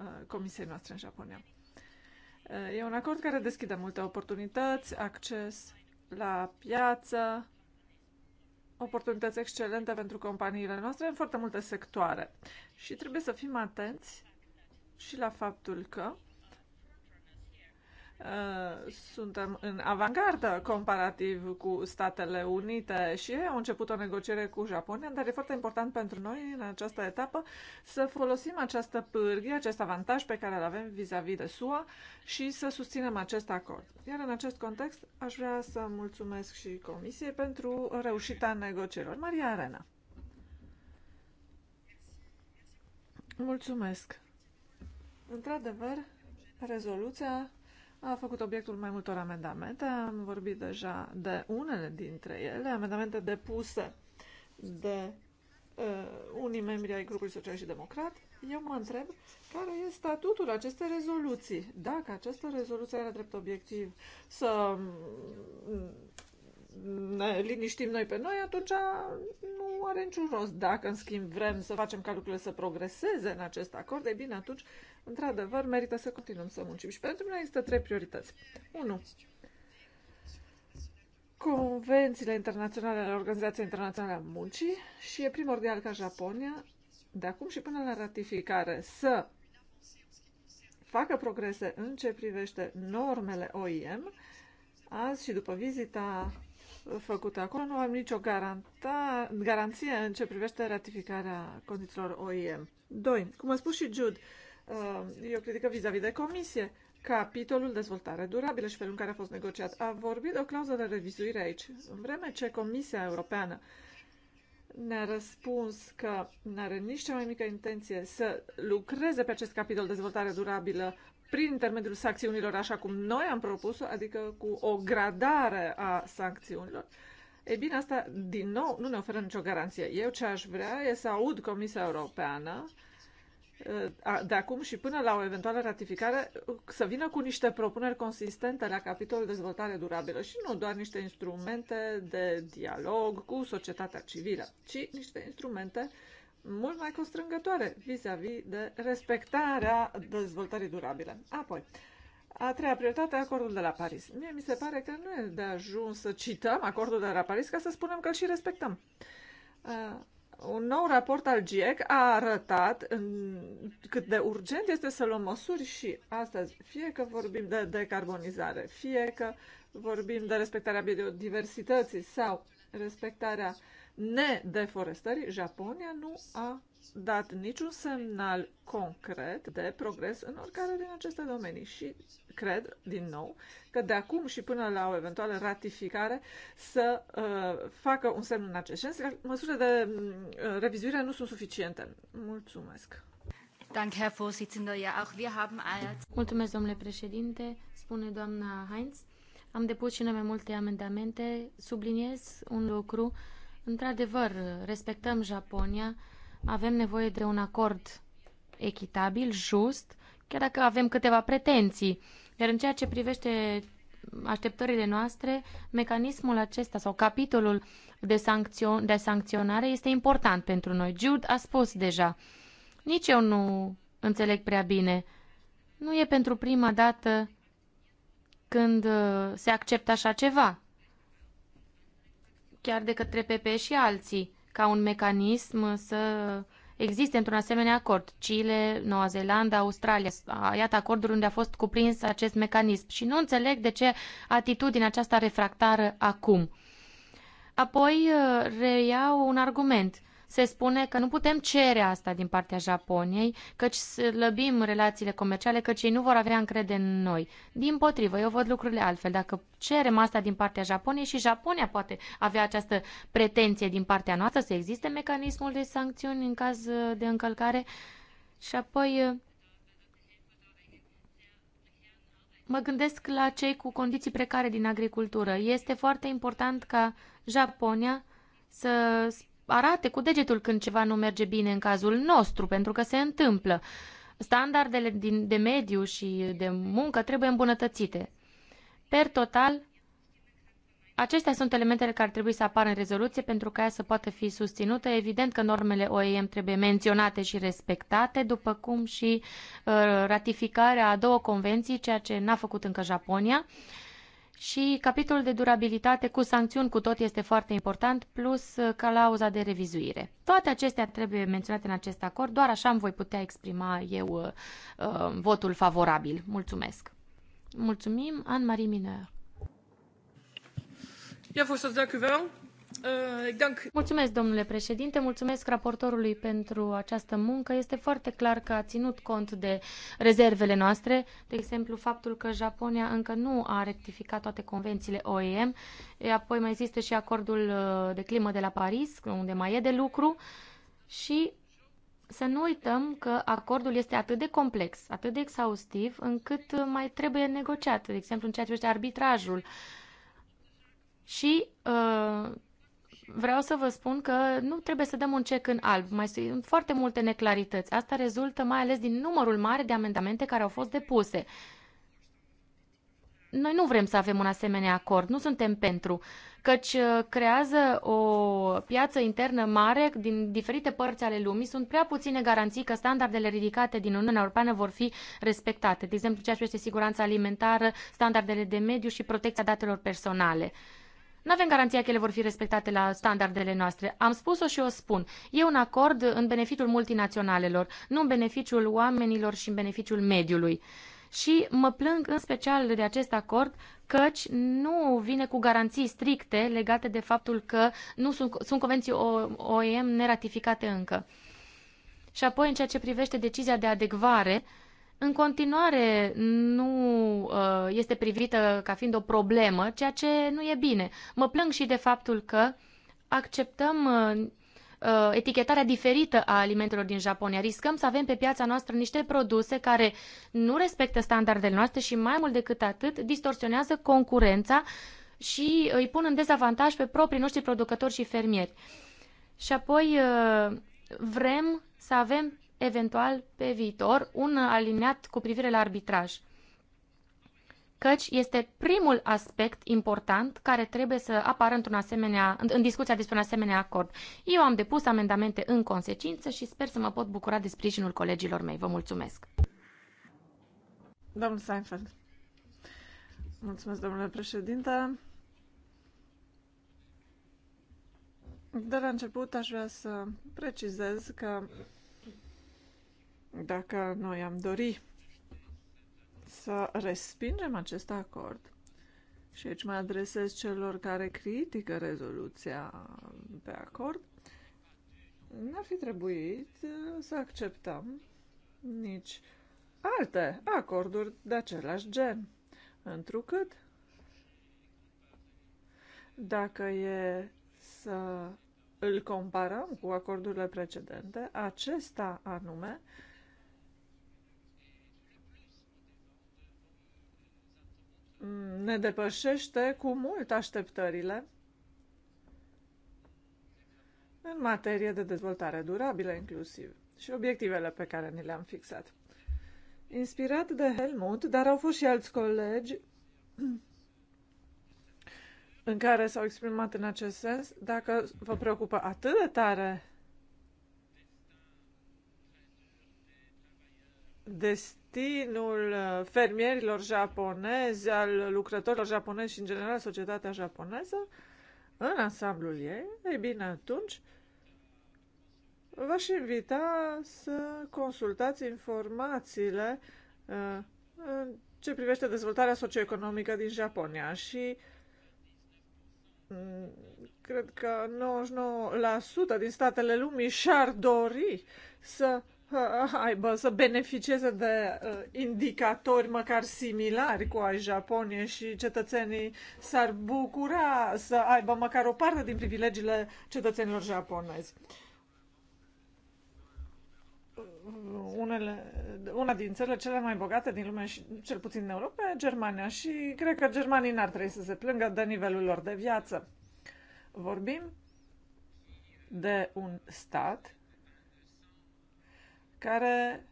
uh, comisiei noastre în Japonia. Uh, e un acord care deschide multe oportunități, acces la piață, oportunități excelente pentru companiile noastre în foarte multe sectoare. Și trebuie să fim atenți și la faptul că Uh, suntem în avangardă comparativ cu Statele Unite și ei au început o negociere cu Japonia, dar e foarte important pentru noi în această etapă să folosim această pârghie, acest avantaj pe care îl avem vis-a-vis -vis de SUA și să susținem acest acord. Iar în acest context aș vrea să mulțumesc și Comisiei pentru reușita negocierilor. Maria Arena. Mulțumesc. Într-adevăr, rezoluția a făcut obiectul mai multor amendamente. Am vorbit deja de unele dintre ele, amendamente depuse de uh, unii membri ai grupului social și democrat. Eu mă întreb care e statutul acestei rezoluții. Dacă această rezoluție are drept obiectiv să mm, ne liniștim noi pe noi, atunci nu are niciun rost. Dacă, în schimb, vrem să facem ca lucrurile să progreseze în acest acord, e bine, atunci Într-adevăr, merită să continuăm să muncim. Și pentru mine există trei priorități. 1. Convențiile internaționale ale Organizației Internaționale a Muncii și e primordial ca Japonia, de acum și până la ratificare, să facă progrese în ce privește normele OIM. Azi și după vizita făcută acolo, nu am nicio garanta, garanție în ce privește ratificarea condițiilor OIM. 2. Cum a spus și Jude, Uh, Eu cred critică vis-a-vis -vis de comisie. Capitolul dezvoltare durabilă și felul în care a fost negociat. A vorbit de o clauză de revizuire aici. În vreme ce Comisia Europeană ne-a răspuns că nu are nici cea mai mică intenție să lucreze pe acest capitol dezvoltare durabilă prin intermediul sancțiunilor, așa cum noi am propus adică cu o gradare a sancțiunilor, e bine, asta din nou nu ne oferă nicio garanție. Eu ce aș vrea e să aud Comisia Europeană de acum și până la o eventuală ratificare să vină cu niște propuneri consistente la capitolul dezvoltare durabilă și nu doar niște instrumente de dialog cu societatea civilă, ci niște instrumente mult mai constrângătoare vis-a-vis -vis de respectarea dezvoltării durabile. Apoi, a treia prioritate, acordul de la Paris. Mie mi se pare că nu e de ajuns să cităm acordul de la Paris ca să spunem că îl și respectăm. Un nou raport al GIEC a arătat în, cât de urgent este să luăm măsuri și astăzi, fie că vorbim de decarbonizare, fie că vorbim de respectarea biodiversității sau respectarea uh, nedeforestării, Japonia nu a dat niciun semnal concret de progres în oricare din aceste domenii și cred, din nou, că de acum și până la o eventuală ratificare să uh, facă un semn în acest sens. Măsurile de mm, uh, revizuire nu sunt suficiente. Mulțumesc! Mulțumesc, domnule președinte, spune doamna Heinz. Am depus și noi mai multe amendamente. Subliniez un lucru Într-adevăr, respectăm Japonia, avem nevoie de un acord echitabil, just, chiar dacă avem câteva pretenții. Iar în ceea ce privește așteptările noastre, mecanismul acesta sau capitolul de, sancțio- de sancționare este important pentru noi. Jude a spus deja. Nici eu nu înțeleg prea bine. Nu e pentru prima dată când uh, se acceptă așa ceva chiar de către PP și alții, ca un mecanism să existe într-un asemenea acord. Chile, Noua Zeelandă, Australia, iată acordul unde a fost cuprins acest mecanism și nu înțeleg de ce atitudinea aceasta refractară acum. Apoi uh, reiau un argument se spune că nu putem cere asta din partea Japoniei, căci slăbim relațiile comerciale, căci ei nu vor avea încredere în noi. Din potrivă, eu văd lucrurile altfel. Dacă cerem asta din partea Japoniei și Japonia poate avea această pretenție din partea noastră să existe mecanismul de sancțiuni în caz de încălcare și apoi Mă gândesc la cei cu condiții precare din agricultură. Este foarte important ca Japonia să arate cu degetul când ceva nu merge bine în cazul nostru, pentru că se întâmplă. Standardele din, de mediu și de muncă trebuie îmbunătățite. Per total, Acestea sunt elementele care trebuie să apară în rezoluție pentru ca ea să poată fi susținută. Evident că normele OEM trebuie menționate și respectate, după cum și uh, ratificarea a două convenții, ceea ce n-a făcut încă Japonia. Uh, și capitolul de durabilitate cu sancțiuni cu tot este foarte important, plus uh, clauza de revizuire. Toate acestea trebuie menționate în acest acord, doar așa îmi voi putea exprima eu uh, uh votul favorabil. Mulțumesc! Mulțumim, Anne-Marie Mineur. Ja, voorzitter, dank u wel. Uh, mulțumesc, domnule președinte, mulțumesc raportorului pentru această muncă. Este foarte clar că a ținut cont de rezervele noastre, de exemplu faptul că Japonia încă nu a rectificat toate convențiile OEM, apoi mai există și acordul uh, de climă de la Paris, unde mai e de lucru, și să nu uităm că acordul este atât de complex, atât de exhaustiv, încât mai trebuie negociat, de exemplu în ceea ce privește arbitrajul. Și uh, vreau să vă spun că nu trebuie să dăm un cec în alb. Mai sunt foarte multe neclarități. Asta rezultă mai ales din numărul mare de amendamente care au fost depuse. Noi nu vrem să avem un asemenea acord, nu suntem pentru, căci uh, creează o piață internă mare din diferite părți ale lumii. Sunt prea puține garanții că standardele ridicate din Uniunea Europeană vor fi respectate, de exemplu ceea ce este siguranța alimentară, standardele de mediu și protecția datelor personale. Nu avem garanția că ele vor fi respectate la standardele noastre. Am spus-o și o spun. E un acord în beneficiul multinaționalelor, nu în beneficiul oamenilor și în beneficiul mediului. Și mă plâng în special de acest acord căci nu vine cu garanții stricte legate de faptul că nu sunt, sunt convenții OEM neratificate încă. Și apoi, în ceea ce privește decizia de adecvare, uh, în continuare nu uh, este privită ca fiind o problemă, ceea ce nu e bine. Mă plâng și de faptul că acceptăm uh, uh, etichetarea diferită a alimentelor din Japonia. Riscăm să avem pe piața noastră niște produse care nu respectă standardele noastre și mai mult decât atât distorsionează concurența și îi pun în dezavantaj pe proprii noștri producători și fermieri. Și apoi vrem să avem eventual pe viitor un aliniat cu privire la arbitraj. Căci este primul aspect important care trebuie să apară într-un asemenea, în, în discuția despre un asemenea acord. Eu am depus amendamente în consecință și sper să mă pot bucura de sprijinul colegilor mei. Vă mulțumesc! Domnul Seinfeld. Mulțumesc, domnule președinte. De la început aș vrea să precizez că dacă noi am dori să respingem acest acord, și aici mă adresez celor care critică rezoluția pe acord, n-ar fi trebuit uh, să acceptăm nici alte acorduri de același gen, întrucât dacă e să îl comparăm cu acordurile precedente, acesta anume ne depășește cu mult așteptările în materie de dezvoltare durabilă inclusiv și obiectivele pe care ni le-am fixat. Inspirat de Helmut, dar au fost și alți colegi [clears throat] în care s-au exprimat în acest sens, dacă vă preocupă atât de tare destin destinul uh, fermierilor japonezi, al lucrătorilor japonezi și, în general, societatea japoneză, în ansamblul ei, e bine, atunci v-aș invita să consultați informațiile uh, în ce privește dezvoltarea socioeconomică din Japonia și mm, cred că 99% din statele lumii și-ar dori să [laughs] aibă să beneficieze de uh, indicatori măcar similari cu ai Japonie și cetățenii s-ar bucura să aibă măcar o parte din privilegiile cetățenilor japonezi. Uh, unele, una din țările cele mai bogate din lume, și cel puțin în Europa, e Germania și cred că germanii n-ar trebui să se plângă de nivelul lor de viață. Vorbim de un stat care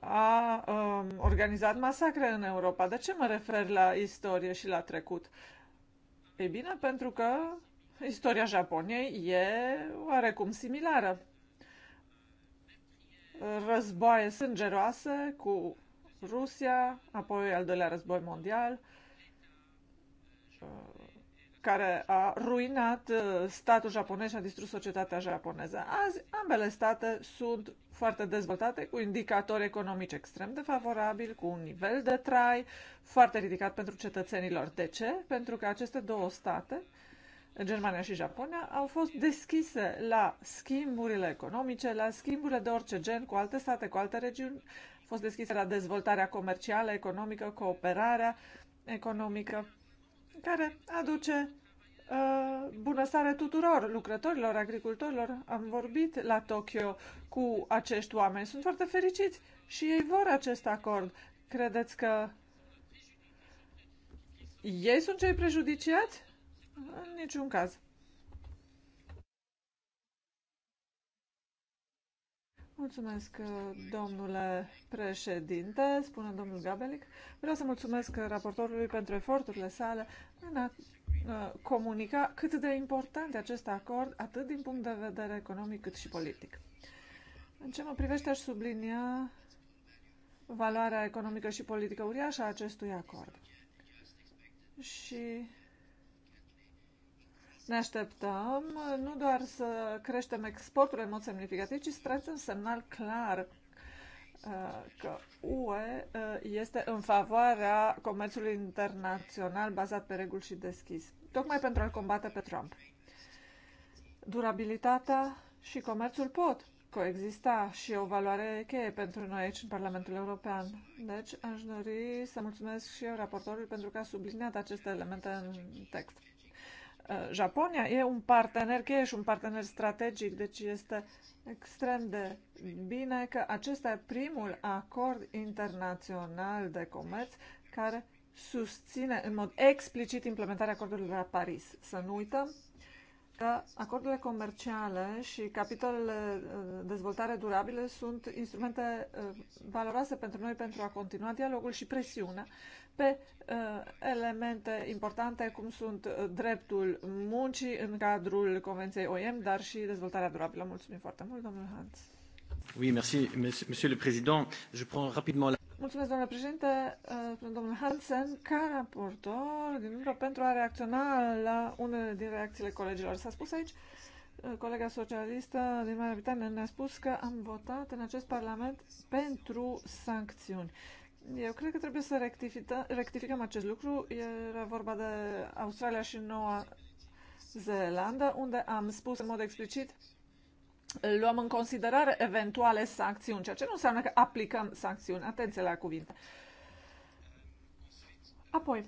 a um, organizat masacre în Europa. De ce mă refer la istorie și la trecut? Ei bine, pentru că istoria Japoniei e oarecum similară. Războaie sângeroase cu Rusia, apoi al doilea război mondial, care a ruinat uh, statul japonez și a distrus societatea japoneză. Azi, ambele state sunt foarte dezvoltate, cu indicatori economici extrem de favorabili, cu un nivel de trai foarte ridicat pentru cetățenilor. De ce? Pentru că aceste două state, Germania și Japonia, au fost deschise la schimburile economice, la schimburile de orice gen cu alte state, cu alte regiuni, au fost deschise la dezvoltarea comercială, economică, cooperarea economică, care aduce Uh, bună seara tuturor lucrătorilor, agricultorilor. Am vorbit la Tokyo cu acești oameni. Sunt foarte fericiți și ei vor acest acord. Credeți că ei sunt cei prejudiciați? În niciun caz. Mulțumesc, domnule președinte, spune domnul Gabelic. Vreau să mulțumesc raportorului pentru eforturile sale în a Uh, comunica cât de important e acest acord, atât din punct de vedere economic cât și politic. În ce mă privește, aș sublinia valoarea economică și politică uriașă a acestui acord. Și ne așteptăm nu doar să creștem exportul în mod semnificativ, ci să un semnal clar uh, că UE uh, este în favoarea comerțului internațional bazat pe reguli și deschis tocmai pentru a-l combate pe Trump. Durabilitatea și comerțul pot coexista și o valoare cheie pentru noi aici în Parlamentul European. Deci aș dori să mulțumesc și eu raportorului pentru că a subliniat aceste elemente în text. Uh, Japonia e un partener cheie și un partener strategic, deci este extrem de bine că acesta e primul acord internațional de comerț care susține în mod explicit implementarea acordului de la Paris. Să nu uităm că acordurile comerciale și capitolele uh, dezvoltare durabile sunt instrumente uh, valoroase pentru noi pentru a continua dialogul și presiunea pe uh, elemente importante cum sunt dreptul muncii în cadrul Convenției OIM, dar și dezvoltarea durabilă. Mulțumim foarte mult, domnul Hans. Oui, merci, monsieur le président. Je prends rapidement la... Mulțumesc, domnule președinte, uh, domnul Hansen, ca raportor din umbră pentru a reacționa la unele din reacțiile colegilor. S-a spus aici, uh, colega socialistă din Marea Britanie ne-a spus că am votat în acest Parlament pentru sancțiuni. Eu cred că trebuie să rectificăm acest lucru. Era vorba de Australia și Noua Zeelandă, unde am spus în mod explicit luăm în considerare eventuale sancțiuni, ceea ce nu înseamnă că aplicăm sancțiuni. Atenție la cuvinte. Apoi,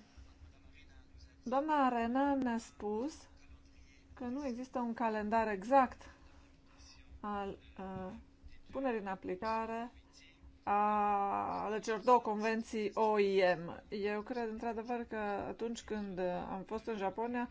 doamna Arena ne-a spus că nu există un calendar exact al uh, punerii în aplicare ale celor două convenții OIM. Eu cred într-adevăr că atunci când am fost în Japonia,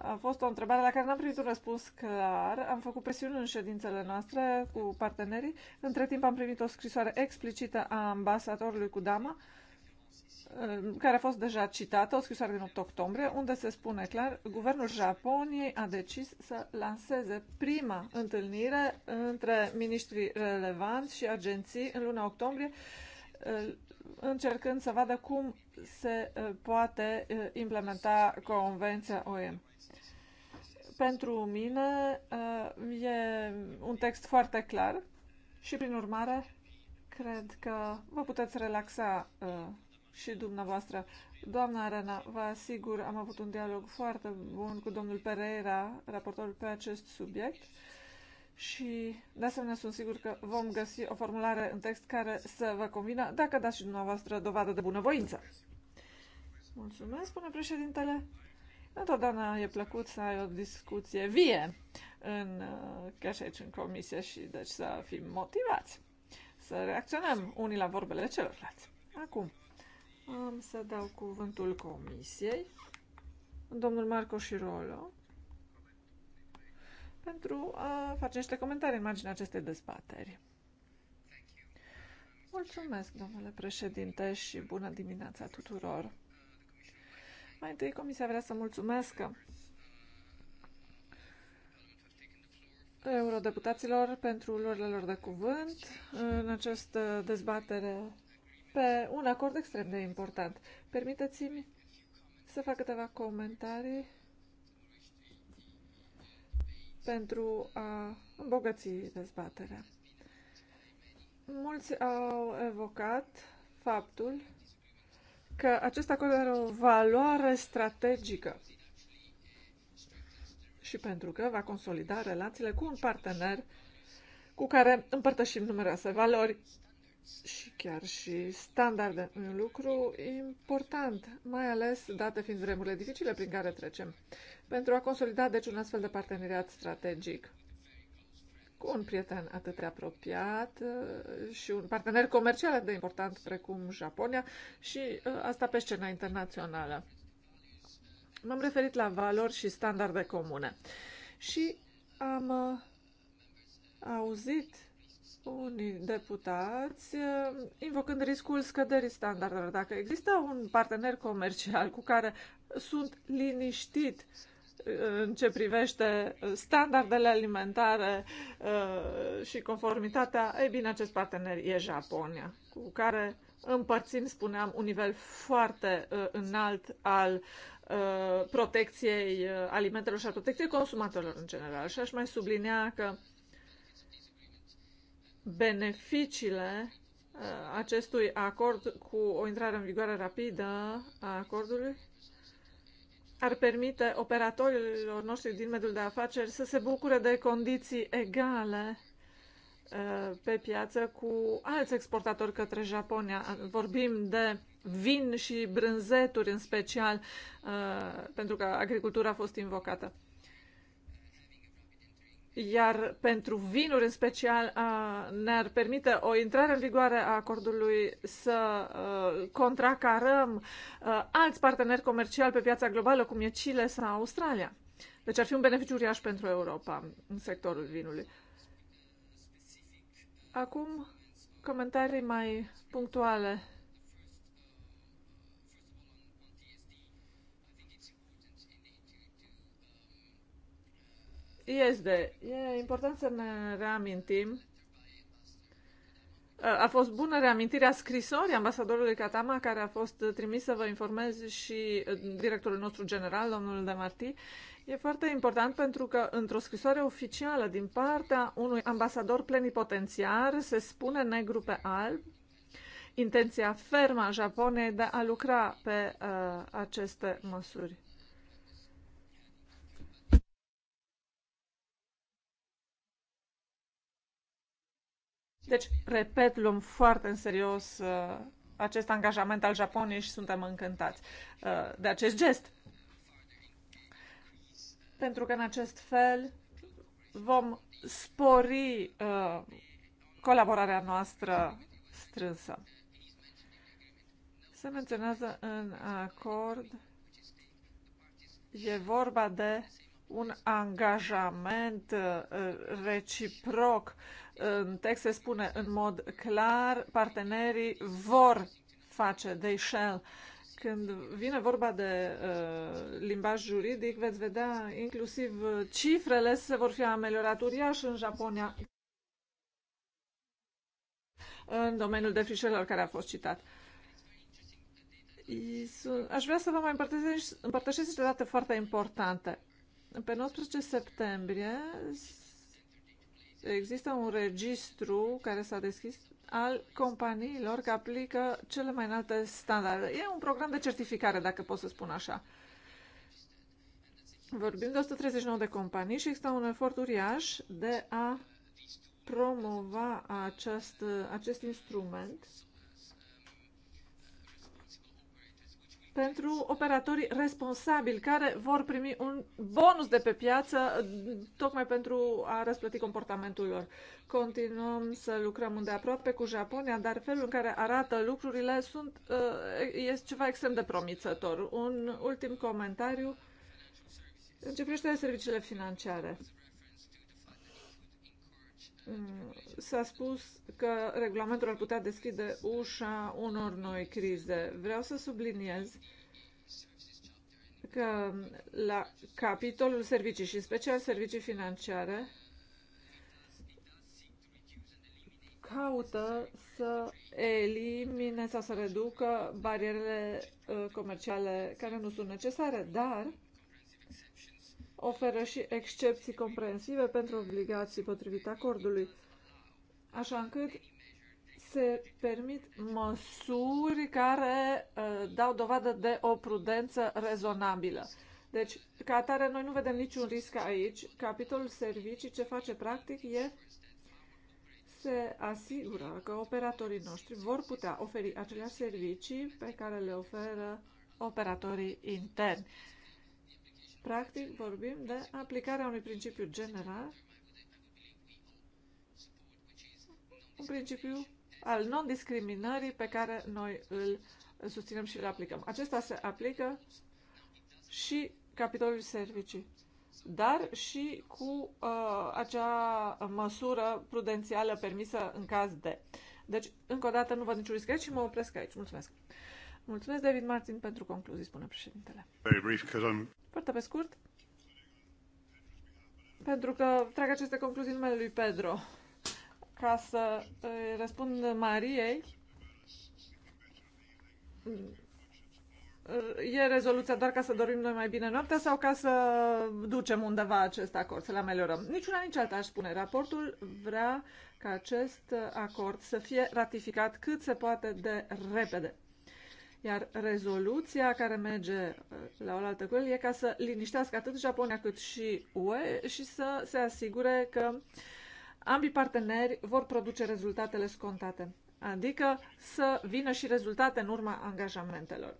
a fost o întrebare la care n-am primit un răspuns clar. Am făcut presiuni în ședințele noastre cu partenerii. Între timp am primit o scrisoare explicită a ambasadorului dama, uh, care a fost deja citată, o scrisoare din 8 octombrie, unde se spune clar, guvernul Japoniei a decis să lanseze prima întâlnire între ministrii relevanți și agenții în luna octombrie, uh, încercând să vadă cum se uh, poate implementa Convenția OEM. Pentru mine uh, e un text foarte clar și, prin urmare, cred că vă puteți relaxa uh, și dumneavoastră. Doamna Arena, vă asigur, am avut un dialog foarte bun cu domnul Pereira, raportorul pe acest subiect și de asemenea sunt sigur că vom găsi o formulare în text care să vă convină dacă dați și dumneavoastră dovadă de bunăvoință. Mulțumesc, spune președintele. Întotdeauna e plăcut să ai o discuție vie în, uh, chiar și aici în comisie și deci să fim motivați să reacționăm unii la vorbele celorlalți. Acum, am să dau cuvântul comisiei, domnul Marco Șirolo, pentru a face niște comentarii în marginea acestei dezbateri. Mulțumesc, domnule președinte, și bună dimineața tuturor! Mai întâi, Comisia vrea să mulțumesc eurodeputaților pentru luările lor de cuvânt în această dezbatere pe un acord extrem de important. Permiteți-mi să fac câteva comentarii pentru a îmbogăți dezbaterea. Mulți au evocat faptul că acest acord are o valoare strategică și pentru că va consolida relațiile cu un partener cu care împărtășim numeroase valori și chiar și standarde. Un lucru important, mai ales date fiind vremurile dificile prin care trecem, pentru a consolida deci un astfel de parteneriat strategic cu un prieten atât de apropiat uh, și un partener comercial atât de important precum Japonia și uh, asta pe scena internațională. M-am referit la valori și standarde comune și am uh, auzit unii deputați invocând riscul scăderii standardelor. Dacă există un partener comercial cu care sunt liniștit uh, în ce privește standardele alimentare uh, și conformitatea, e bine, acest partener e Japonia, cu care împărțim, spuneam, un nivel foarte uh, înalt al uh, protecției alimentelor și al protecției consumatorilor în general. Și aș mai sublinea că beneficiile acestui acord cu o intrare în vigoare rapidă a acordului ar permite operatorilor noștri din mediul de afaceri să se bucure de condiții egale uh, pe piață cu alți exportatori către Japonia. Vorbim de vin și brânzeturi în special, uh, pentru că agricultura a fost invocată iar pentru vinuri în special ne-ar permite o intrare în vigoare a acordului să contracarăm alți parteneri comerciali pe piața globală, cum e Chile sau Australia. Deci ar fi un beneficiu uriaș pentru Europa în sectorul vinului. Acum, comentarii mai punctuale ISD. E important să ne reamintim. A fost bună reamintirea scrisorii ambasadorului Catama, care a fost trimisă, vă informez, și directorul nostru general, domnul marti. E foarte important pentru că într-o scrisoare oficială din partea unui ambasador plenipotențiar se spune negru pe alb intenția fermă a Japonei de a lucra pe uh, aceste măsuri. Deci, repet, luăm foarte în serios uh, acest angajament al Japoniei și suntem încântați uh, de acest gest. Pentru că în acest fel vom spori uh, colaborarea noastră strânsă. Se menționează în acord, e vorba de un angajament uh, uh, reciproc. În text se spune în mod clar, partenerii vor face, they shall. Când vine vorba de uh, limbaj juridic, veți vedea inclusiv uh, cifrele se vor fi ameliorat uriaș în Japonia în domeniul defrișelor care a fost citat. Aș vrea să vă mai împărtășesc, împărtășesc niște date foarte importante. Pe 19 septembrie există un registru care s-a deschis al companiilor care aplică cele mai înalte standarde. E un program de certificare, dacă pot să spun așa. Vorbim de 139 de companii și există un efort uriaș de a promova acest, acest instrument pentru operatorii responsabili care vor primi un bonus de pe piață tocmai pentru a răsplăti comportamentul lor. Continuăm să lucrăm îndeaproape cu Japonia, dar felul în care arată lucrurile sunt, uh, este ceva extrem de promițător. Un ultim comentariu în ce privește serviciile financiare. S-a spus că regulamentul ar putea deschide ușa unor noi crize. Vreau să subliniez că la capitolul servicii și special servicii financiare caută să elimine sau să reducă barierele uh, comerciale care nu sunt necesare, dar oferă și excepții comprensive pentru obligații potrivit acordului, așa încât se permit măsuri care uh, dau dovadă de o prudență rezonabilă. Deci, ca atare, noi nu vedem niciun risc aici. Capitolul servicii ce face practic e se asigură că operatorii noștri vor putea oferi aceleași servicii pe care le oferă operatorii interni Practic, vorbim de aplicarea unui principiu general, un principiu al non-discriminării pe care noi îl susținem și îl aplicăm. Acesta se aplică și capitolului servicii, dar și cu uh, acea măsură prudențială permisă în caz de. Deci, încă o dată, nu văd niciun risc aici și mă opresc aici. Mulțumesc! Mulțumesc, David Martin, pentru concluzii, spune președintele. Very brief, foarte pe scurt, pentru că trag aceste concluzii numele lui Pedro. Ca să îi uh, răspund Mariei, uh, e rezoluția doar ca să dorim noi mai bine noaptea sau ca să ducem undeva acest acord, să-l ameliorăm? Niciuna, nici alta aș spune. Raportul vrea ca acest acord să fie ratificat cât se poate de repede. Iar rezoluția care merge uh, la o altă e ca să liniștească atât Japonia cât și UE și să se asigure că ambii parteneri vor produce rezultatele scontate, adică să vină și rezultate în urma angajamentelor.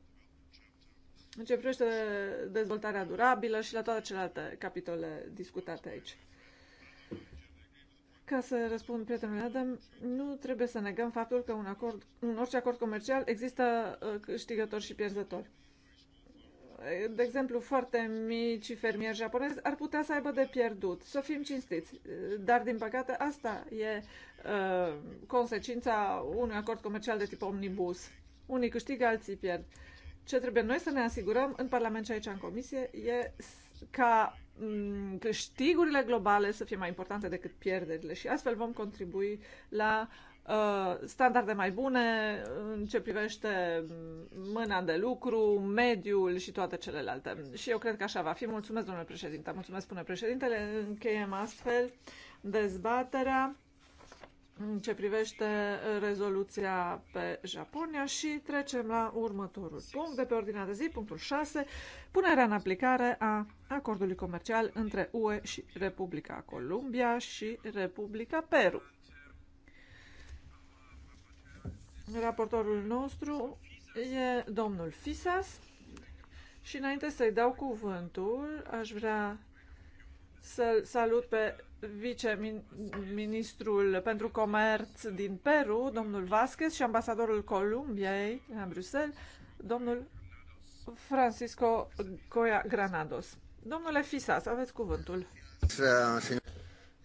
În ce privește dezvoltarea durabilă și la toate celelalte capitole discutate aici. Ca să răspund prietenului Adam, nu trebuie să negăm faptul că un acord, în orice acord comercial există uh, câștigători și pierzători. De exemplu, foarte mici fermieri japonezi ar putea să aibă de pierdut, să fim cinstiți. Dar, din păcate, asta e uh, consecința unui acord comercial de tip omnibus. Unii câștigă, alții pierd. Ce trebuie noi să ne asigurăm în Parlament și aici în Comisie e ca mm, câștigurile globale să fie mai importante decât pierderile și astfel vom contribui la uh, standarde mai bune în ce privește mm, mâna de lucru, mediul și toate celelalte. Și eu cred că așa va fi. Mulțumesc, domnule președinte. Mulțumesc, spune președintele. Încheiem astfel dezbaterea în ce privește rezoluția pe Japonia și trecem la următorul punct de pe ordinea de zi, punctul 6, punerea în aplicare a acordului comercial între UE și Republica Columbia și Republica Peru. Raportorul nostru e domnul Fisas și înainte să-i dau cuvântul, aș vrea să-l salut pe viceministrul pentru comerț din Peru, domnul Vasquez, și ambasadorul Columbiei la Bruxelles, domnul Francisco Goya Granados. Domnule Fisas, aveți cuvântul.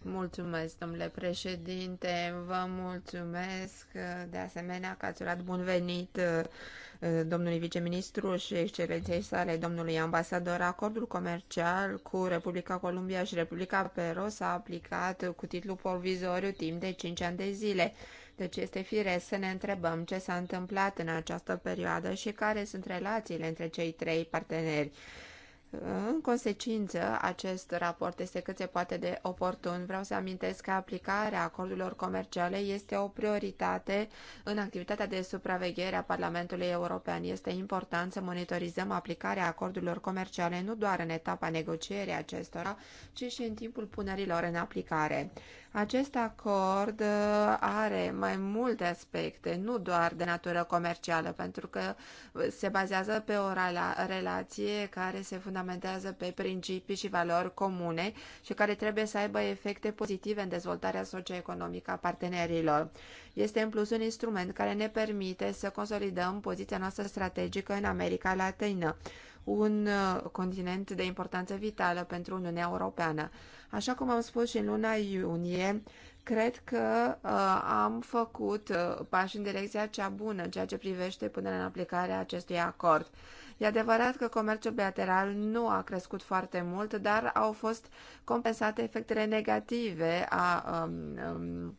Mulțumesc, domnule președinte, vă mulțumesc de asemenea că ați urat bun venit domnului viceministru și excelenței sale, domnului ambasador, acordul comercial cu Republica Columbia și Republica Peru s-a aplicat cu titlu provizoriu timp de 5 ani de zile. Deci este firesc să ne întrebăm ce s-a întâmplat în această perioadă și care sunt relațiile între cei trei parteneri. În consecință, acest raport este cât se poate de oportun. Vreau să amintesc că aplicarea acordurilor comerciale este o prioritate în activitatea de supraveghere a Parlamentului European. Este important să monitorizăm aplicarea acordurilor comerciale nu doar în etapa negocierii acestora, ci și în timpul punerilor în aplicare. Acest acord uh, are mai multe aspecte, nu doar de natură comercială, pentru că uh, se bazează pe o relație care se fundamentează pe principii și valori comune și care trebuie să aibă efecte pozitive în dezvoltarea socioeconomică a partenerilor. Este în plus un instrument care ne permite să consolidăm poziția noastră strategică în America Latină un uh, continent de importanță vitală pentru Uniunea Europeană. Așa cum am spus și în luna iunie, cred că uh, am făcut uh, pași în direcția cea bună în ceea ce privește până în aplicarea acestui acord. E adevărat că comerțul bilateral nu a crescut foarte mult, dar au fost compensate efectele negative a um, um,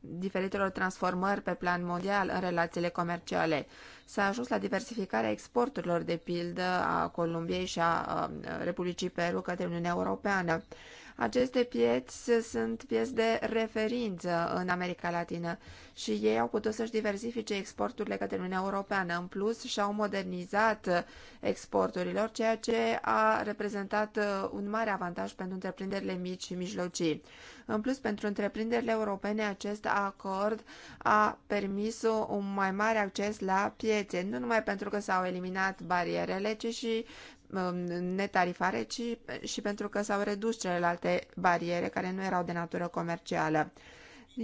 diferitelor transformări pe plan mondial în relațiile comerciale. S-a ajuns la diversificarea exporturilor, de pildă, a Columbiei și a Republicii Peru către Uniunea Europeană. Aceste pieți sunt pieți de referință în America Latină și ei au putut să-și diversifice exporturile către Uniunea Europeană. În plus, și-au modernizat exporturilor, ceea ce a reprezentat uh, un mare avantaj pentru întreprinderile mici și mijlocii. În plus, pentru întreprinderile europene, acest acord a permis un mai mare acces la piețe, nu numai pentru că s-au eliminat barierele, ci și Um, netarifare, ci și pentru că s-au redus celelalte bariere care nu erau de natură comercială.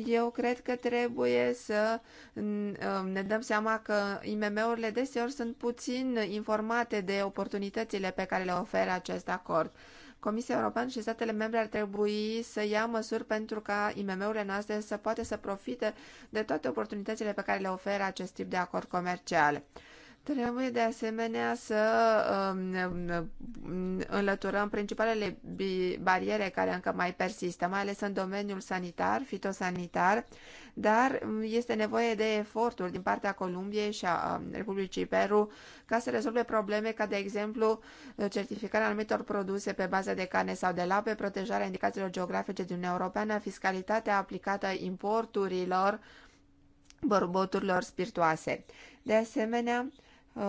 Eu cred că trebuie să um, ne dăm seama că IMM-urile deseori sunt puțin informate de oportunitățile pe care le oferă acest acord. Comisia Europeană și statele membre ar trebui să ia măsuri pentru ca IMM-urile noastre să poată să profite de toate oportunitățile pe care le oferă acest tip de acord comercial. Trebuie de asemenea să um, um, înlăturăm principalele bariere care încă mai persistă, mai ales în domeniul sanitar, fitosanitar, dar este nevoie de eforturi din partea Columbiei și a Republicii Peru ca să rezolve probleme ca, de exemplu, certificarea anumitor produse pe bază de carne sau de lapte, protejarea indicațiilor geografice din Uniunea Europeană, fiscalitatea aplicată importurilor bărboturilor spiritoase. De asemenea, Uh,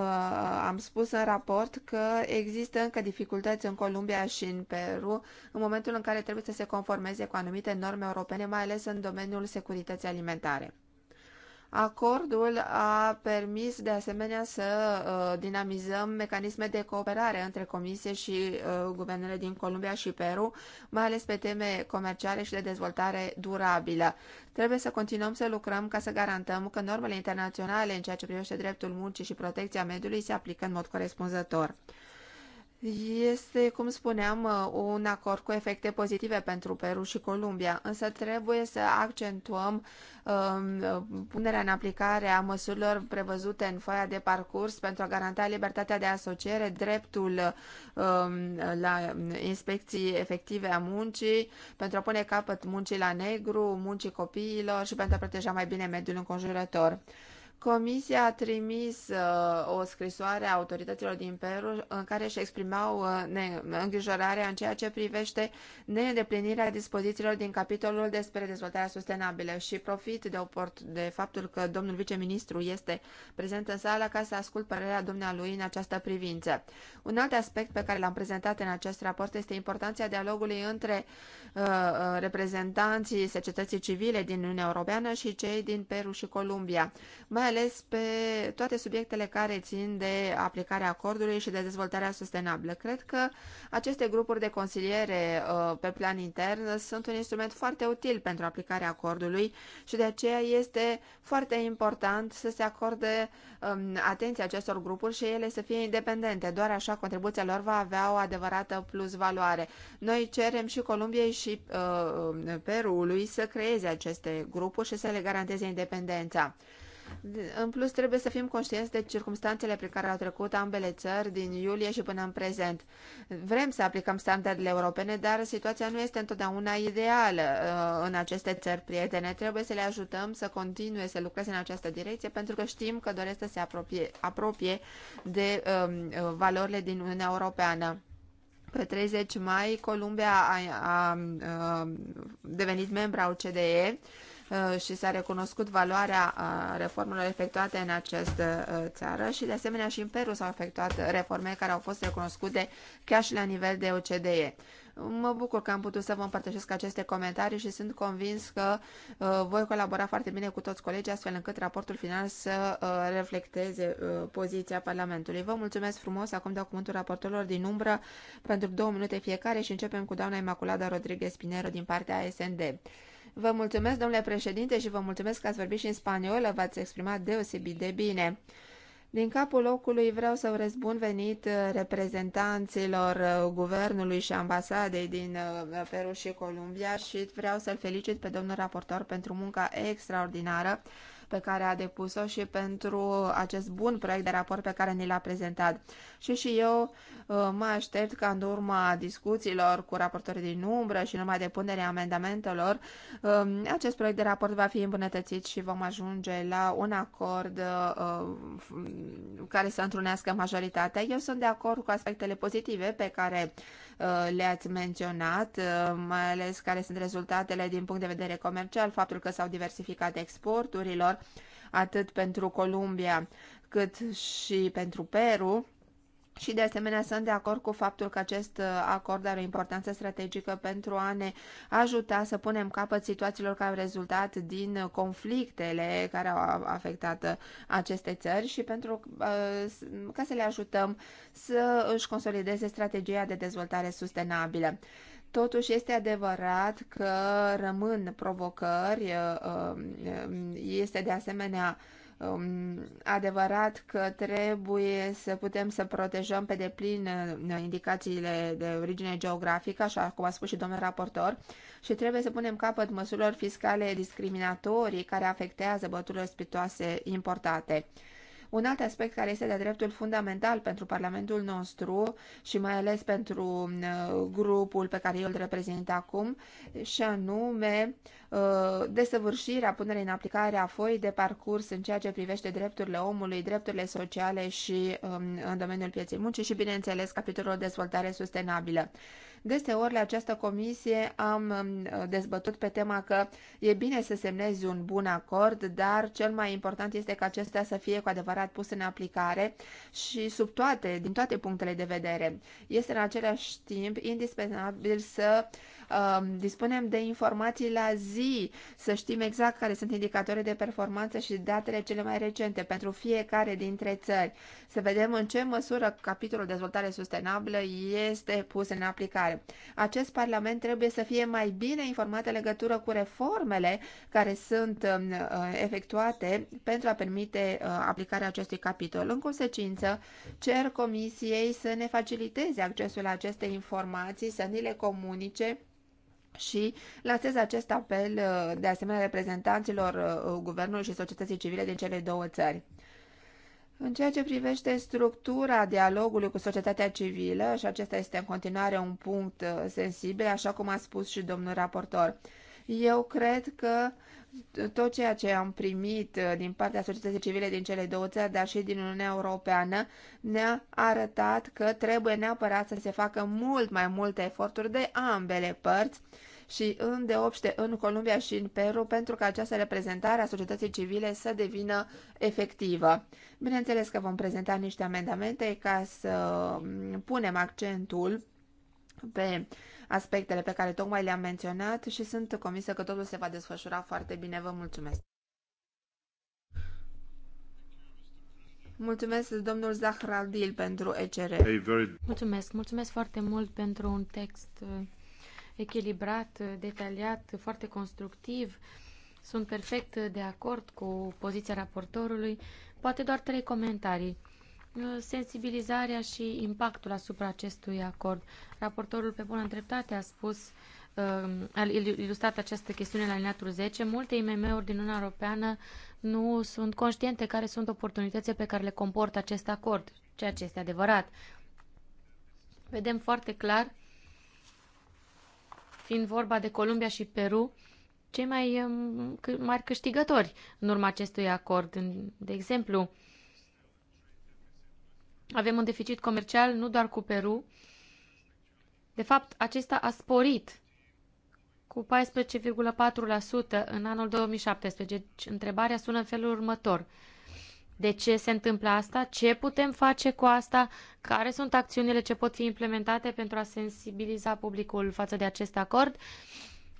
am spus în raport că există încă dificultăți în Columbia și în Peru în momentul în care trebuie să se conformeze cu anumite norme europene, mai ales în domeniul securității alimentare. Acordul a permis de asemenea să uh, dinamizăm mecanisme de cooperare între Comisie și uh, guvernele din Columbia și Peru, mai ales pe teme comerciale și de dezvoltare durabilă. Trebuie să continuăm să lucrăm ca să garantăm că normele internaționale în ceea ce privește dreptul muncii și protecția mediului se aplică în mod corespunzător. Este, cum spuneam, uh, un acord cu efecte pozitive pentru Peru și Columbia, însă trebuie să accentuăm um, punerea în aplicare a măsurilor prevăzute în foaia de parcurs pentru a garanta libertatea de asociere, dreptul um, la inspecții efective a muncii, pentru a pune capăt muncii la negru, muncii copiilor și pentru a proteja mai bine mediul înconjurător. Comisia a trimis uh, o scrisoare a autorităților din Peru în care își exprimau uh, ne- îngrijorarea în ceea ce privește neîndeplinirea dispozițiilor din capitolul despre dezvoltarea sustenabilă și profit de, oport- de faptul că domnul viceministru este prezent în sală ca să ascult părerea dumnealui în această privință. Un alt aspect pe care l-am prezentat în acest raport este importanța dialogului între uh, uh reprezentanții societății civile din Uniunea Europeană și cei din Peru și Columbia, mai ales pe toate subiectele care țin de aplicarea acordului și de dezvoltarea sustenabilă. Cred că aceste grupuri de consiliere uh, pe plan intern sunt un instrument foarte util pentru aplicarea acordului și de aceea este foarte important să se acorde um, atenție acestor grupuri și ele să fie independente. Doar așa contribuția lor va avea o adevărată plus valoare. Noi cerem și Columbiei și uh, Perului să creeze aceste grupuri și să le garanteze independența. În plus, trebuie să fim conștienți de circumstanțele prin care au trecut ambele țări din iulie și până în prezent. Vrem să aplicăm standardele europene, dar situația nu este întotdeauna ideală uh, în aceste țări prietene. Trebuie să le ajutăm să continue să lucreze în această direcție, pentru că știm că doresc să se apropie, apropie de um, uh, valorile din Uniunea Europeană pe 30 mai Columbia a, a, a uh, devenit membra OCDE Uh, și s-a recunoscut valoarea uh, reformelor efectuate în această uh, țară și de asemenea și în Peru s-au efectuat reforme care au fost recunoscute chiar și la nivel de OCDE. Mă bucur că am putut să vă împărtășesc aceste comentarii și sunt convins că voi colabora foarte bine cu toți colegii, astfel încât raportul final să reflecteze poziția Parlamentului. Vă mulțumesc frumos, acum dau cuvântul raportorilor din umbră pentru două minute fiecare și începem cu doamna Imaculada Rodriguez Pinero din partea SND. Vă mulțumesc, domnule președinte, și vă mulțumesc că ați vorbit și în spaniolă, v-ați exprimat deosebit de bine. Din capul locului vreau să urez bun venit uh, reprezentanților uh, guvernului și ambasadei din uh, Peru și Columbia și vreau să-l felicit pe domnul raportor pentru munca extraordinară pe care a depus-o și pentru acest bun proiect de raport pe care ni l-a prezentat. Și și eu uh, mă aștept ca în urma discuțiilor cu raportorii din umbră și numai urma depunerea amendamentelor, um, acest proiect de raport va fi îmbunătățit și vom ajunge la un acord uh, care să întrunească majoritatea. Eu sunt de acord cu aspectele pozitive pe care Uh, le-ați menționat, uh, mai ales care sunt rezultatele din punct de vedere comercial, faptul că s-au diversificat exporturilor, atât pentru Columbia cât și pentru Peru. Și de asemenea sunt de acord cu faptul că acest uh, acord are o importanță strategică pentru a ne ajuta să punem capăt situațiilor care au rezultat din conflictele care au afectat uh, aceste țări și pentru uh, ca să le ajutăm să își consolideze strategia de dezvoltare sustenabilă. Totuși este adevărat că rămân provocări, este de asemenea um, adevărat că trebuie să putem să protejăm pe deplin uh, indicațiile de origine geografică, așa cum a spus și domnul raportor, și trebuie să punem capăt măsurilor fiscale discriminatorii care afectează băuturile spitoase importate. Un alt aspect care este de dreptul fundamental pentru Parlamentul nostru și mai ales pentru uh, grupul pe care eu îl reprezint acum, și anume uh, desăvârșirea, punerea în aplicare a foii de parcurs în ceea ce privește drepturile omului, drepturile sociale și um, în domeniul pieței muncii și, bineînțeles, capitolul dezvoltare sustenabilă. Deseori la această comisie am um, dezbătut pe tema că e bine să semnezi un bun acord, dar cel mai important este ca acesta să fie cu adevărat pus în aplicare și sub toate, din toate punctele de vedere. Este în același timp indispensabil să Um, dispunem de informații la zi, să știm exact care sunt indicatorii de performanță și datele cele mai recente pentru fiecare dintre țări, să vedem în ce măsură capitolul dezvoltare sustenabilă este pus în aplicare. Acest Parlament trebuie să fie mai bine informat în legătură cu reformele care sunt um, uh, efectuate pentru a permite uh, aplicarea acestui capitol. În consecință, cer Comisiei să ne faciliteze accesul la aceste informații, să ni le comunice și lansez acest apel uh, de asemenea reprezentanților uh, uh, guvernului și societății civile din cele două țări. În ceea ce privește structura dialogului cu societatea civilă, și acesta este în continuare un punct sensibil, așa cum a spus și domnul raportor, eu cred că tot ceea ce am primit uh, din partea societății civile din cele două țări, dar și din Uniunea Europeană, ne-a arătat că trebuie neapărat să se facă mult mai multe eforturi de ambele părți și deopște în Columbia și în Peru pentru ca această reprezentare a societății civile să devină efectivă. Bineînțeles că vom prezenta niște amendamente ca să mm, punem accentul pe uh, aspectele pe care tocmai le-am menționat și sunt convinsă că totul se va desfășura foarte bine. Vă mulțumesc! Mulțumesc, domnul Zahraldil, pentru ECR. Mulțumesc, mulțumesc foarte mult pentru un text uh, echilibrat, uh, detaliat, foarte constructiv. Sunt perfect uh, de acord cu poziția raportorului. Poate doar trei comentarii sensibilizarea și impactul asupra acestui acord. Raportorul pe bună dreptate a spus, um, a ilustrat această chestiune la alineatul 10. Multe IMM-uri din Uniunea Europeană nu sunt conștiente care sunt oportunitățile pe care le comportă acest acord, ceea ce este adevărat. Vedem foarte clar, fiind vorba de Columbia și Peru, cei mai um, mari câștigători în urma acestui acord. De exemplu, avem un deficit comercial nu doar cu Peru. De fapt, acesta a sporit cu 14,4% în anul 2017. Deci, întrebarea sună în felul următor. De ce se întâmplă asta? Ce putem face cu asta? Care sunt acțiunile ce pot fi implementate pentru a sensibiliza publicul față de acest acord?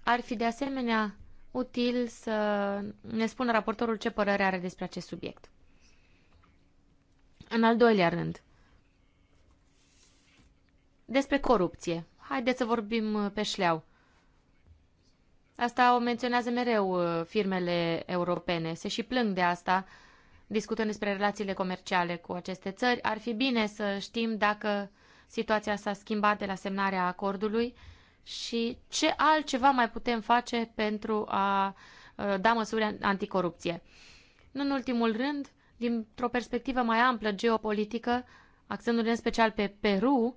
Ar fi de asemenea util să ne spună raportorul ce părere are despre acest subiect. În al doilea rând, despre corupție. Haideți să vorbim uh, pe șleau. Asta o menționează mereu uh, firmele europene. Se și plâng de asta. Discutăm despre relațiile comerciale cu aceste țări. Ar fi bine să știm dacă situația s-a schimbat de la semnarea acordului și ce altceva mai putem face pentru a uh, da măsuri anticorupție. în ultimul rând, dintr-o perspectivă mai amplă geopolitică, axându-ne în special pe Peru,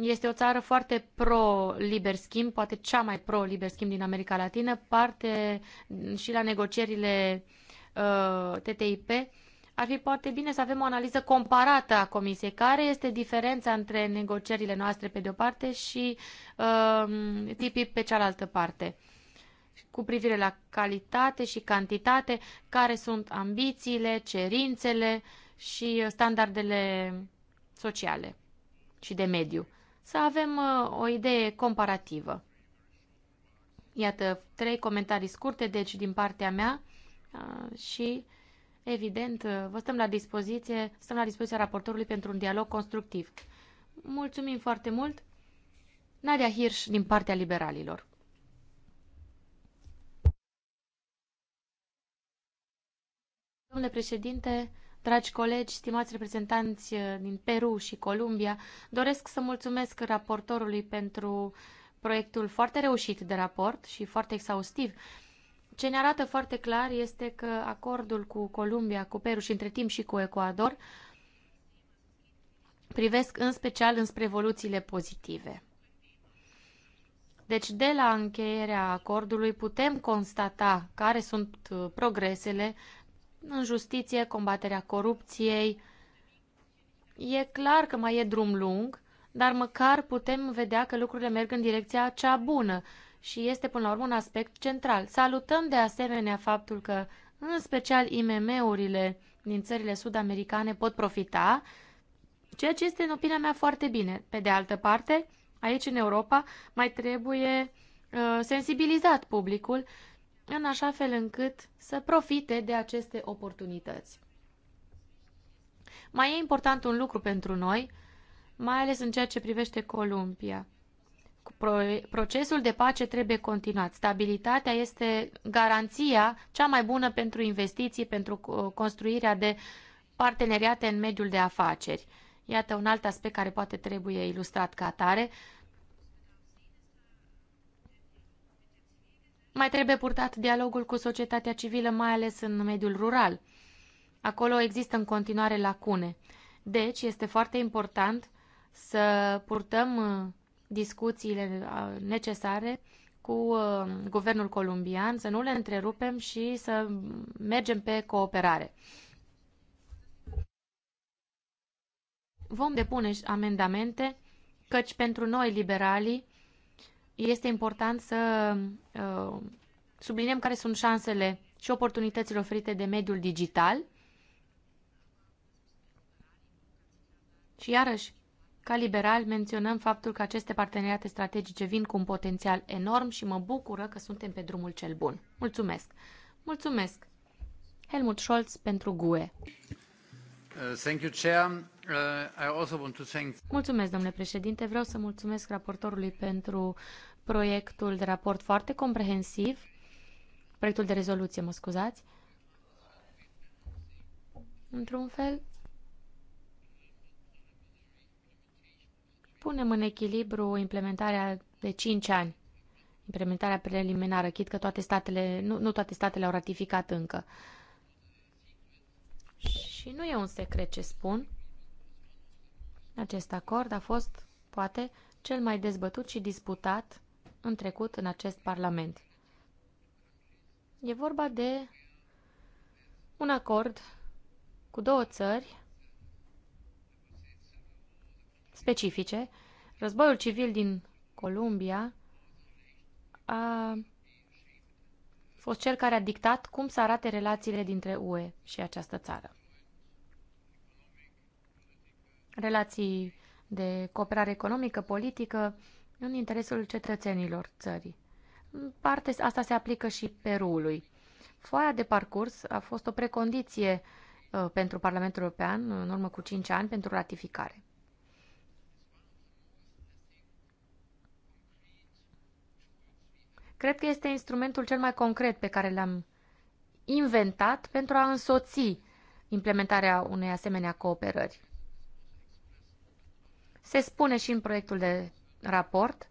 este o țară foarte pro-liber schimb, poate cea mai pro-liber schimb din America Latină, parte și la negocierile uh, TTIP. Ar fi poate bine să avem o analiză comparată a Comisiei. Care este diferența între negocierile noastre pe de-o parte și uh, TTIP pe cealaltă parte? cu privire la calitate și cantitate, care sunt ambițiile, cerințele și standardele sociale și de mediu. Să avem uh, o idee comparativă. Iată, trei comentarii scurte, deci, din partea mea uh, și, evident, uh, vă stăm la dispoziție, stăm la dispoziția raportorului pentru un dialog constructiv. Mulțumim foarte mult! Nadia Hirsch din partea liberalilor. Domnule președinte, dragi colegi, stimați reprezentanți eh, din Peru și Columbia, doresc să mulțumesc raportorului pentru proiectul foarte reușit de raport și foarte exhaustiv. Ce ne arată foarte clar este că acordul cu Columbia, cu Peru și între timp și cu Ecuador privesc în special înspre evoluțiile pozitive. Deci, de la încheierea acordului putem constata care sunt eh, progresele în justiție, combaterea corupției. E clar că mai e drum lung, dar măcar putem vedea că lucrurile merg în direcția cea bună și este până la urmă un aspect central. Salutăm de asemenea faptul că, în special, IMM-urile din țările sud-americane pot profita, ceea ce este, în opinia mea, foarte bine. Pe de altă parte, aici, în Europa, mai trebuie uh, sensibilizat publicul în așa fel încât să profite de aceste oportunități. Mai e important un lucru pentru noi, mai ales în ceea ce privește Columbia. Procesul de pace trebuie continuat. Stabilitatea este garanția cea mai bună pentru investiții, pentru construirea de parteneriate în mediul de afaceri. Iată un alt aspect care poate trebuie ilustrat ca atare. Mai trebuie purtat dialogul cu societatea civilă, mai ales în mediul rural. Acolo există în continuare lacune. Deci, este foarte important să purtăm uh, discuțiile uh, necesare cu uh, guvernul columbian, să nu le întrerupem și să mergem pe cooperare. Vom depune amendamente, căci pentru noi, liberalii, este important să uh, subliniem care sunt șansele și oportunitățile oferite de mediul digital. Și iarăși, ca liberal, menționăm faptul că aceste parteneriate strategice vin cu un potențial enorm și mă bucură că suntem pe drumul cel bun. Mulțumesc! Mulțumesc! Helmut Scholz pentru GUE. Uh, thank you, Chair. Uh, mulțumesc, domnule președinte. Vreau să mulțumesc raportorului pentru proiectul de raport foarte comprehensiv, proiectul de rezoluție, mă scuzați. Într-un fel, punem în echilibru implementarea de 5 ani, implementarea preliminară, chit că toate statele, nu, nu toate statele au ratificat încă. Și nu e un secret ce spun. Acest acord a fost, poate, cel mai dezbătut și disputat în trecut în acest Parlament. E vorba de un acord cu două țări specifice. Războiul civil din Columbia a fost cel care a dictat cum să arate relațiile dintre UE și această țară relații de cooperare economică, politică, în interesul cetățenilor țării. Parte asta se aplică și Perului. Foaia de parcurs a fost o precondiție uh, pentru Parlamentul European uh, în urmă cu 5 ani pentru ratificare. Cred că este instrumentul cel mai concret pe care l-am inventat pentru a însoți implementarea unei asemenea cooperări. Se spune și în proiectul de raport.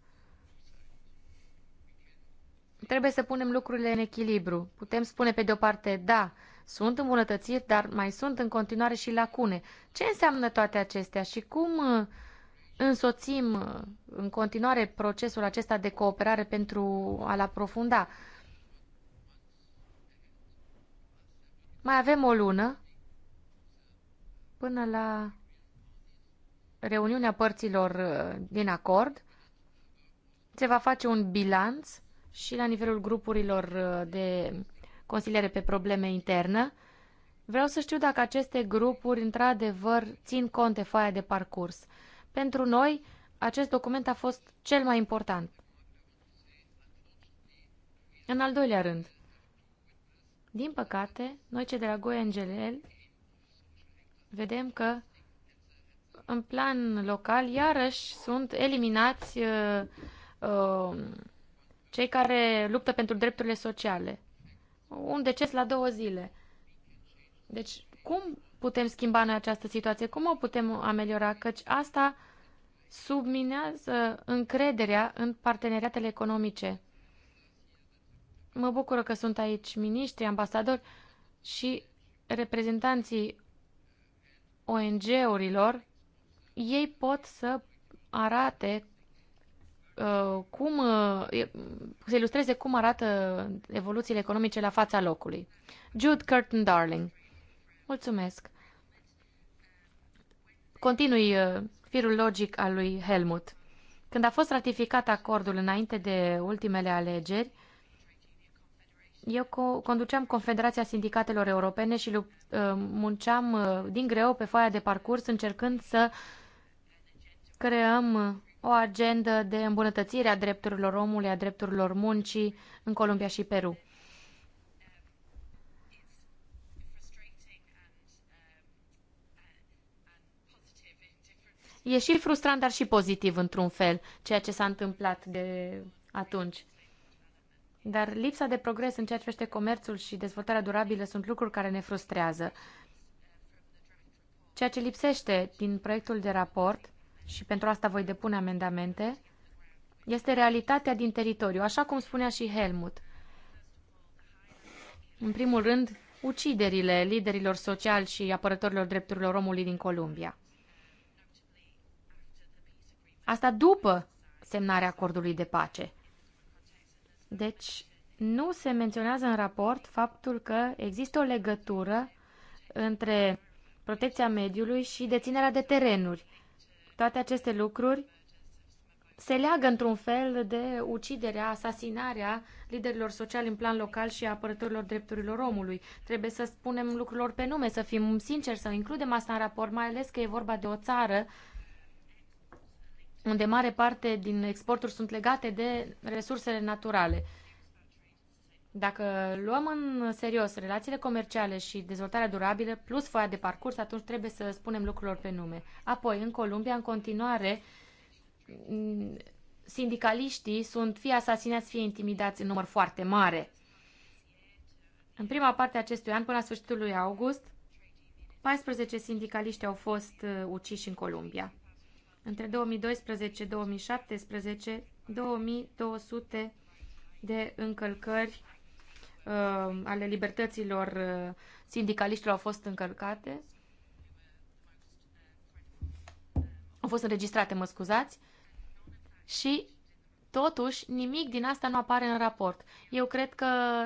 Trebuie să punem lucrurile în echilibru. Putem spune pe de-o parte, da, sunt îmbunătățiri, dar mai sunt în continuare și lacune. Ce înseamnă toate acestea și cum uh, însoțim uh, în continuare procesul acesta de cooperare pentru a-l aprofunda? Mai avem o lună până la reuniunea părților uh, din acord, se va face un bilanț și la nivelul grupurilor uh, de consiliere pe probleme internă. Vreau să știu dacă aceste grupuri, într-adevăr, țin cont de foaia de parcurs. Pentru noi, acest document a fost cel mai important. În al doilea rând, din păcate, noi cei de la Goia Angelel vedem că în plan local, iarăși sunt eliminați uh, uh, cei care luptă pentru drepturile sociale. Un deces la două zile. Deci, cum putem schimba noi această situație? Cum o putem ameliora? Căci asta subminează încrederea în parteneriatele economice. Mă bucur că sunt aici miniștri, ambasadori și reprezentanții ONG-urilor ei pot să arate uh, cum, se uh, ilustreze cum arată evoluțiile economice la fața locului. Jude Curtin Darling. Mulțumesc. Continui uh, firul logic al lui Helmut. Când a fost ratificat acordul înainte de ultimele alegeri, eu conduceam Confederația Sindicatelor Europene și munceam din greu pe foaia de parcurs încercând să uh, creăm uh, o agendă de îmbunătățire a drepturilor omului, a drepturilor muncii în Columbia și Peru. E și frustrant, dar și pozitiv într-un fel, ceea ce s-a întâmplat de atunci. Dar lipsa de progres în ceea ce privește comerțul și dezvoltarea durabilă sunt lucruri care ne frustrează. Ceea ce lipsește din proiectul de raport și pentru asta voi depune amendamente, este realitatea din teritoriu, așa cum spunea și Helmut. În primul rând, uciderile liderilor sociali și apărătorilor drepturilor omului din Columbia. Asta după semnarea acordului de pace. Deci, nu se menționează în raport faptul că există o legătură între protecția mediului și deținerea de terenuri. Toate aceste lucruri se leagă într-un fel de uciderea, asasinarea liderilor sociali în plan local și a apărătorilor drepturilor omului. Trebuie să spunem lucrurilor pe nume, să fim sinceri, să includem asta în raport, mai ales că e vorba de o țară unde mare parte din exporturi sunt legate de resursele naturale. Dacă luăm în serios relațiile comerciale și dezvoltarea durabilă, plus foaia de parcurs, atunci trebuie să spunem lucrurilor pe nume. Apoi, în Columbia, în continuare, sindicaliștii sunt fie asasinați, fie intimidați în număr foarte mare. În prima parte a acestui an, până la sfârșitul lui august, 14 sindicaliști au fost uh, uciși în Columbia. Între 2012-2017, 2200 de încălcări Uh, ale libertăților uh, sindicaliștilor au fost încălcate. Au fost înregistrate, mă scuzați. Și Totuși, nimic din asta nu apare în raport. Eu cred că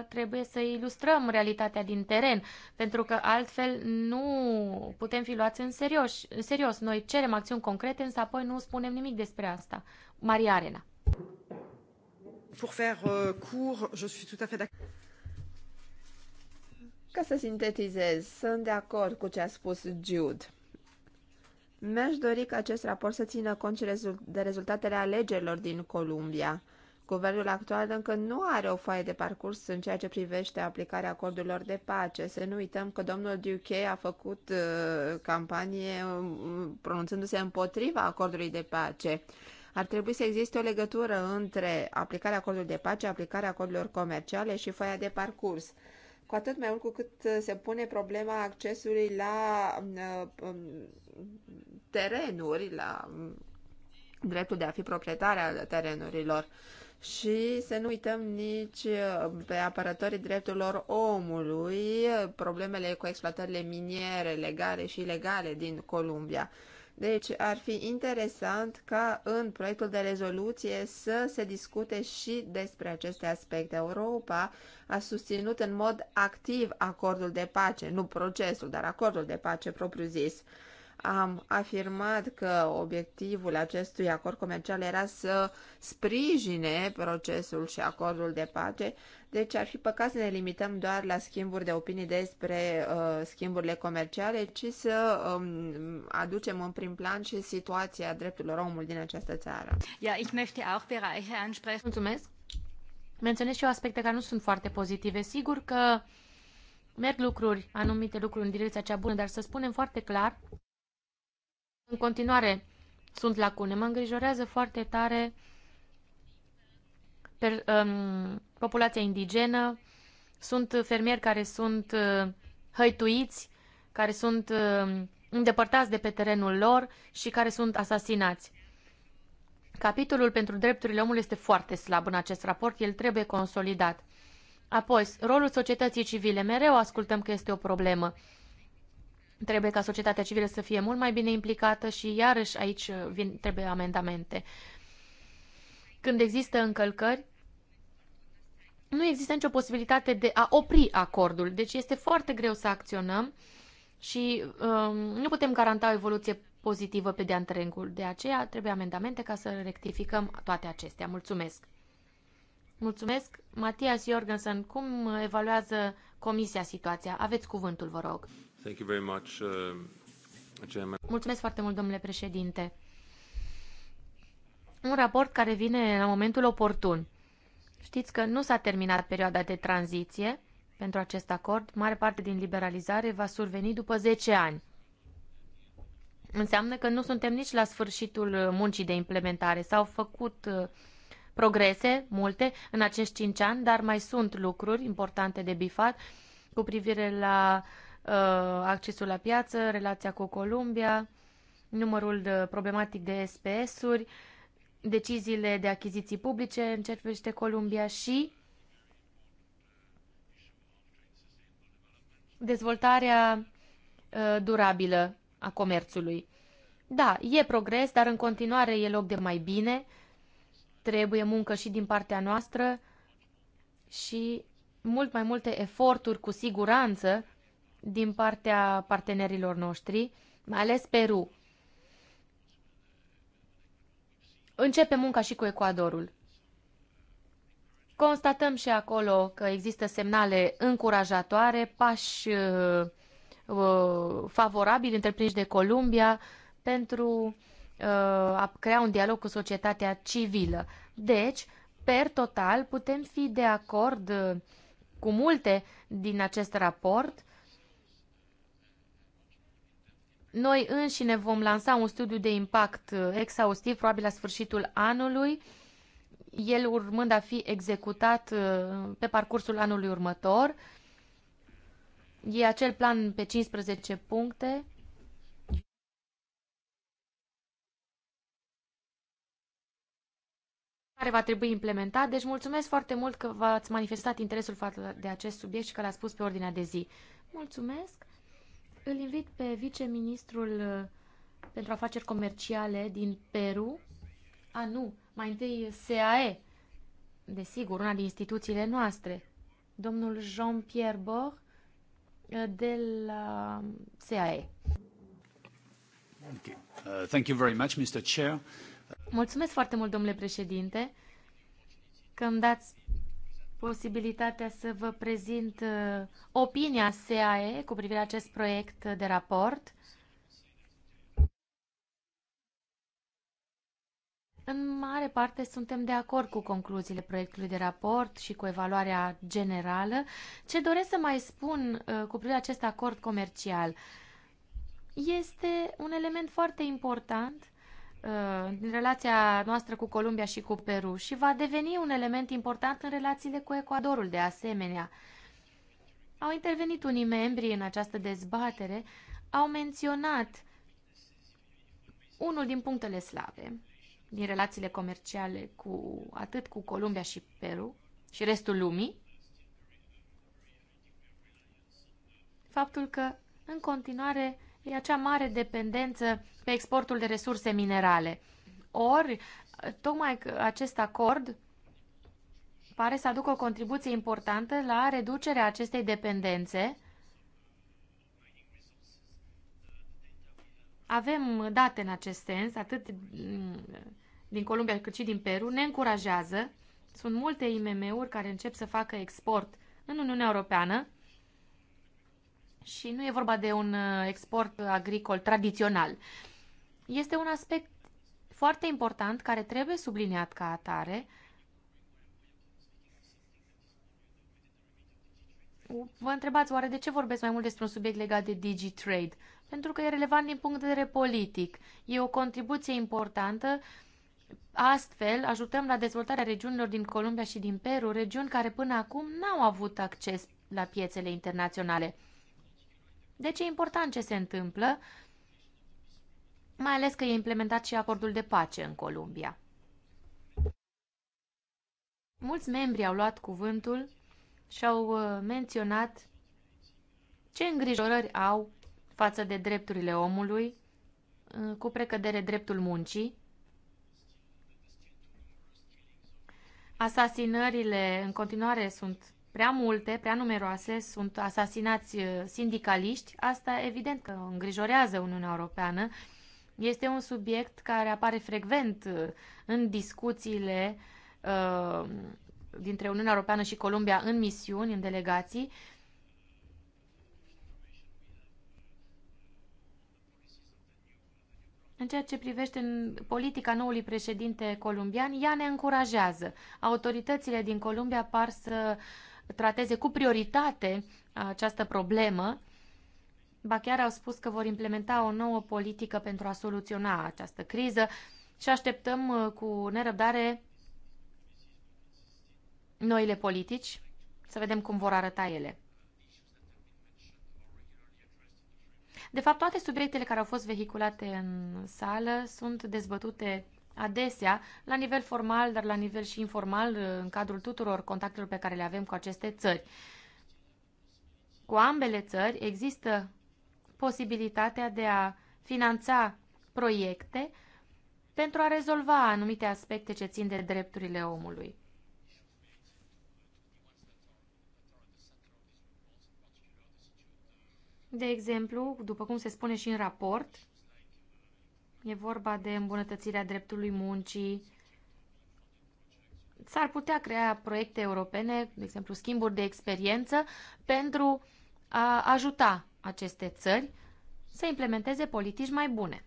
trebuie să ilustrăm realitatea din teren, pentru că altfel nu putem fi luați în serios. În serios. Noi cerem acțiuni concrete, însă apoi nu spunem nimic despre asta. Maria Arena. Pour faire uh, court, je suis tout à fait d'accord. Ca să sintetizez, sunt de acord cu ce a spus Jude. Mi-aș dori ca acest raport să țină cont de rezultatele alegerilor din Columbia. Guvernul actual încă nu are o foaie de parcurs în ceea ce privește aplicarea acordurilor de pace. Să nu uităm că domnul Duque a făcut uh, campanie uh, pronunțându-se împotriva acordului de pace. Ar trebui să existe o legătură între aplicarea acordului de pace, aplicarea acordurilor comerciale și foaia de parcurs cu atât mai mult cu cât uh, se pune problema accesului la um, uh, um, terenuri, la um, dreptul de a fi proprietar al terenurilor. Și să nu uităm nici uh, pe apărătorii drepturilor omului, problemele cu exploatările miniere legale și ilegale din Columbia. Deci ar fi interesant ca în proiectul de rezoluție să se discute și despre aceste aspecte. Europa a susținut în mod activ acordul de pace, nu procesul, dar acordul de pace propriu-zis am afirmat că obiectivul acestui acord comercial era să sprijine procesul și acordul de pace, deci ar fi păcat să ne limităm doar la schimburi de opinii despre uh, schimburile comerciale, ci să um, aducem în prim plan și situația drepturilor omului din această țară. Ja, ich möchte auch Bereiche ansprechen. Mulțumesc. Menționez și eu aspecte care nu sunt foarte pozitive. Sigur că merg lucruri, anumite lucruri în direcția cea bună, dar să spunem foarte clar în continuare, sunt lacune. Mă îngrijorează foarte tare per, um, populația indigenă. Sunt fermieri care sunt uh, hăituiți, care sunt uh, îndepărtați de pe terenul lor și care sunt asasinați. Capitolul pentru drepturile omului este foarte slab în acest raport, el trebuie consolidat. Apoi, rolul societății civile. Mereu ascultăm că este o problemă. Trebuie ca societatea civilă să fie mult mai bine implicată și iarăși aici uh, vin, trebuie amendamente. Când există încălcări, nu există nicio posibilitate de a opri acordul, deci este foarte greu să acționăm și um, nu putem garanta o evoluție pozitivă pe de-a întregul. De aceea trebuie amendamente ca să rectificăm toate acestea. Mulțumesc! Mulțumesc! Matias Jorgensen, cum evaluează Comisia situația? Aveți cuvântul, vă rog. Thank you very much, uh, Mulțumesc foarte mult, domnule președinte. Un raport care vine la momentul oportun. Știți că nu s-a terminat perioada de tranziție pentru acest acord. Mare parte din liberalizare va surveni după 10 ani. Înseamnă că nu suntem nici la sfârșitul muncii de implementare. S-au făcut uh, progrese multe în acești 5 ani, dar mai sunt lucruri importante de bifat cu privire la uh, Uh, accesul la piață, relația cu Columbia, numărul de problematic de SPS-uri, deciziile de achiziții publice în ce privește Columbia și dezvoltarea uh, durabilă a comerțului. Da, e progres, dar în continuare e loc de mai bine. Trebuie muncă și din partea noastră și mult mai multe eforturi cu siguranță din partea partenerilor noștri, mai ales Peru. Începe munca și cu Ecuadorul. Constatăm și acolo că există semnale încurajatoare, pași uh, uh, favorabili întreprinși de Columbia pentru uh, a crea un dialog cu societatea civilă. Deci, per total, putem fi de acord uh, cu multe din acest raport Noi înșine vom lansa un studiu de impact uh, exhaustiv, probabil la sfârșitul anului, el urmând a fi executat uh, pe parcursul anului următor. E acel plan pe 15 puncte. care va trebui implementat. Deci mulțumesc foarte mult că v-ați manifestat interesul față de acest subiect și că l-ați pus pe ordinea de zi. Mulțumesc! îl invit pe viceministrul uh, pentru afaceri comerciale din Peru. A, nu, mai întâi SAE, desigur, una din instituțiile noastre. Domnul Jean-Pierre Bor uh, de la uh, SAE. Okay. Uh, thank you very much, Mr. Chair. Mulțumesc foarte mult, domnule președinte, că îmi dați posibilitatea să vă prezint uh, opinia SAE cu privire la acest proiect de raport. În mare parte suntem de acord cu concluziile proiectului de raport și cu evaluarea generală. Ce doresc să mai spun uh, cu privire la acest acord comercial? Este un element foarte important în uh, relația noastră cu Columbia și cu Peru și va deveni un element important în relațiile cu Ecuadorul de asemenea. Au intervenit unii membri în această dezbatere, au menționat unul din punctele slabe din relațiile comerciale cu atât cu Columbia și Peru și restul lumii, faptul că în continuare e acea mare dependență pe exportul de resurse minerale. Ori, tocmai acest acord pare să aducă o contribuție importantă la reducerea acestei dependențe. Avem date în acest sens, atât din Columbia cât și din Peru, ne încurajează. Sunt multe IMM-uri care încep să facă export în Uniunea Europeană și nu e vorba de un uh, export agricol tradițional. Este un aspect foarte important care trebuie subliniat ca atare. Vă întrebați oare de ce vorbesc mai mult despre un subiect legat de DigiTrade? Pentru că e relevant din punct de vedere politic. E o contribuție importantă Astfel, ajutăm la dezvoltarea regiunilor din Columbia și din Peru, regiuni care până acum n-au avut acces la piețele internaționale. Deci e important ce se întâmplă, mai ales că e implementat și acordul de pace în Columbia. Mulți membri au luat cuvântul și au uh, menționat ce îngrijorări au față de drepturile omului, uh, cu precădere dreptul muncii, Asasinările în continuare sunt prea multe, prea numeroase, sunt asasinați uh, sindicaliști. Asta evident că îngrijorează Uniunea Europeană. Este un subiect care apare frecvent uh, în discuțiile uh, dintre Uniunea Europeană și Columbia în misiuni, în delegații. În ceea ce privește în politica noului președinte columbian, ea ne încurajează. Autoritățile din Columbia par să uh, trateze cu prioritate această problemă, ba chiar au spus că vor implementa o nouă politică pentru a soluționa această criză și așteptăm uh, cu nerăbdare noile politici, să vedem cum vor arăta ele. De fapt, toate subiectele care au fost vehiculate în sală sunt dezbătute adesea, la nivel formal, dar la nivel și informal, uh, în cadrul tuturor contactelor pe care le avem cu aceste țări. Cu ambele țări există posibilitatea de a finanța proiecte pentru a rezolva anumite aspecte ce țin de drepturile omului. De exemplu, după cum se spune și în raport, E vorba de îmbunătățirea dreptului muncii. S-ar putea crea proiecte europene, de exemplu schimburi de experiență, pentru a ajuta aceste țări să implementeze politici mai bune.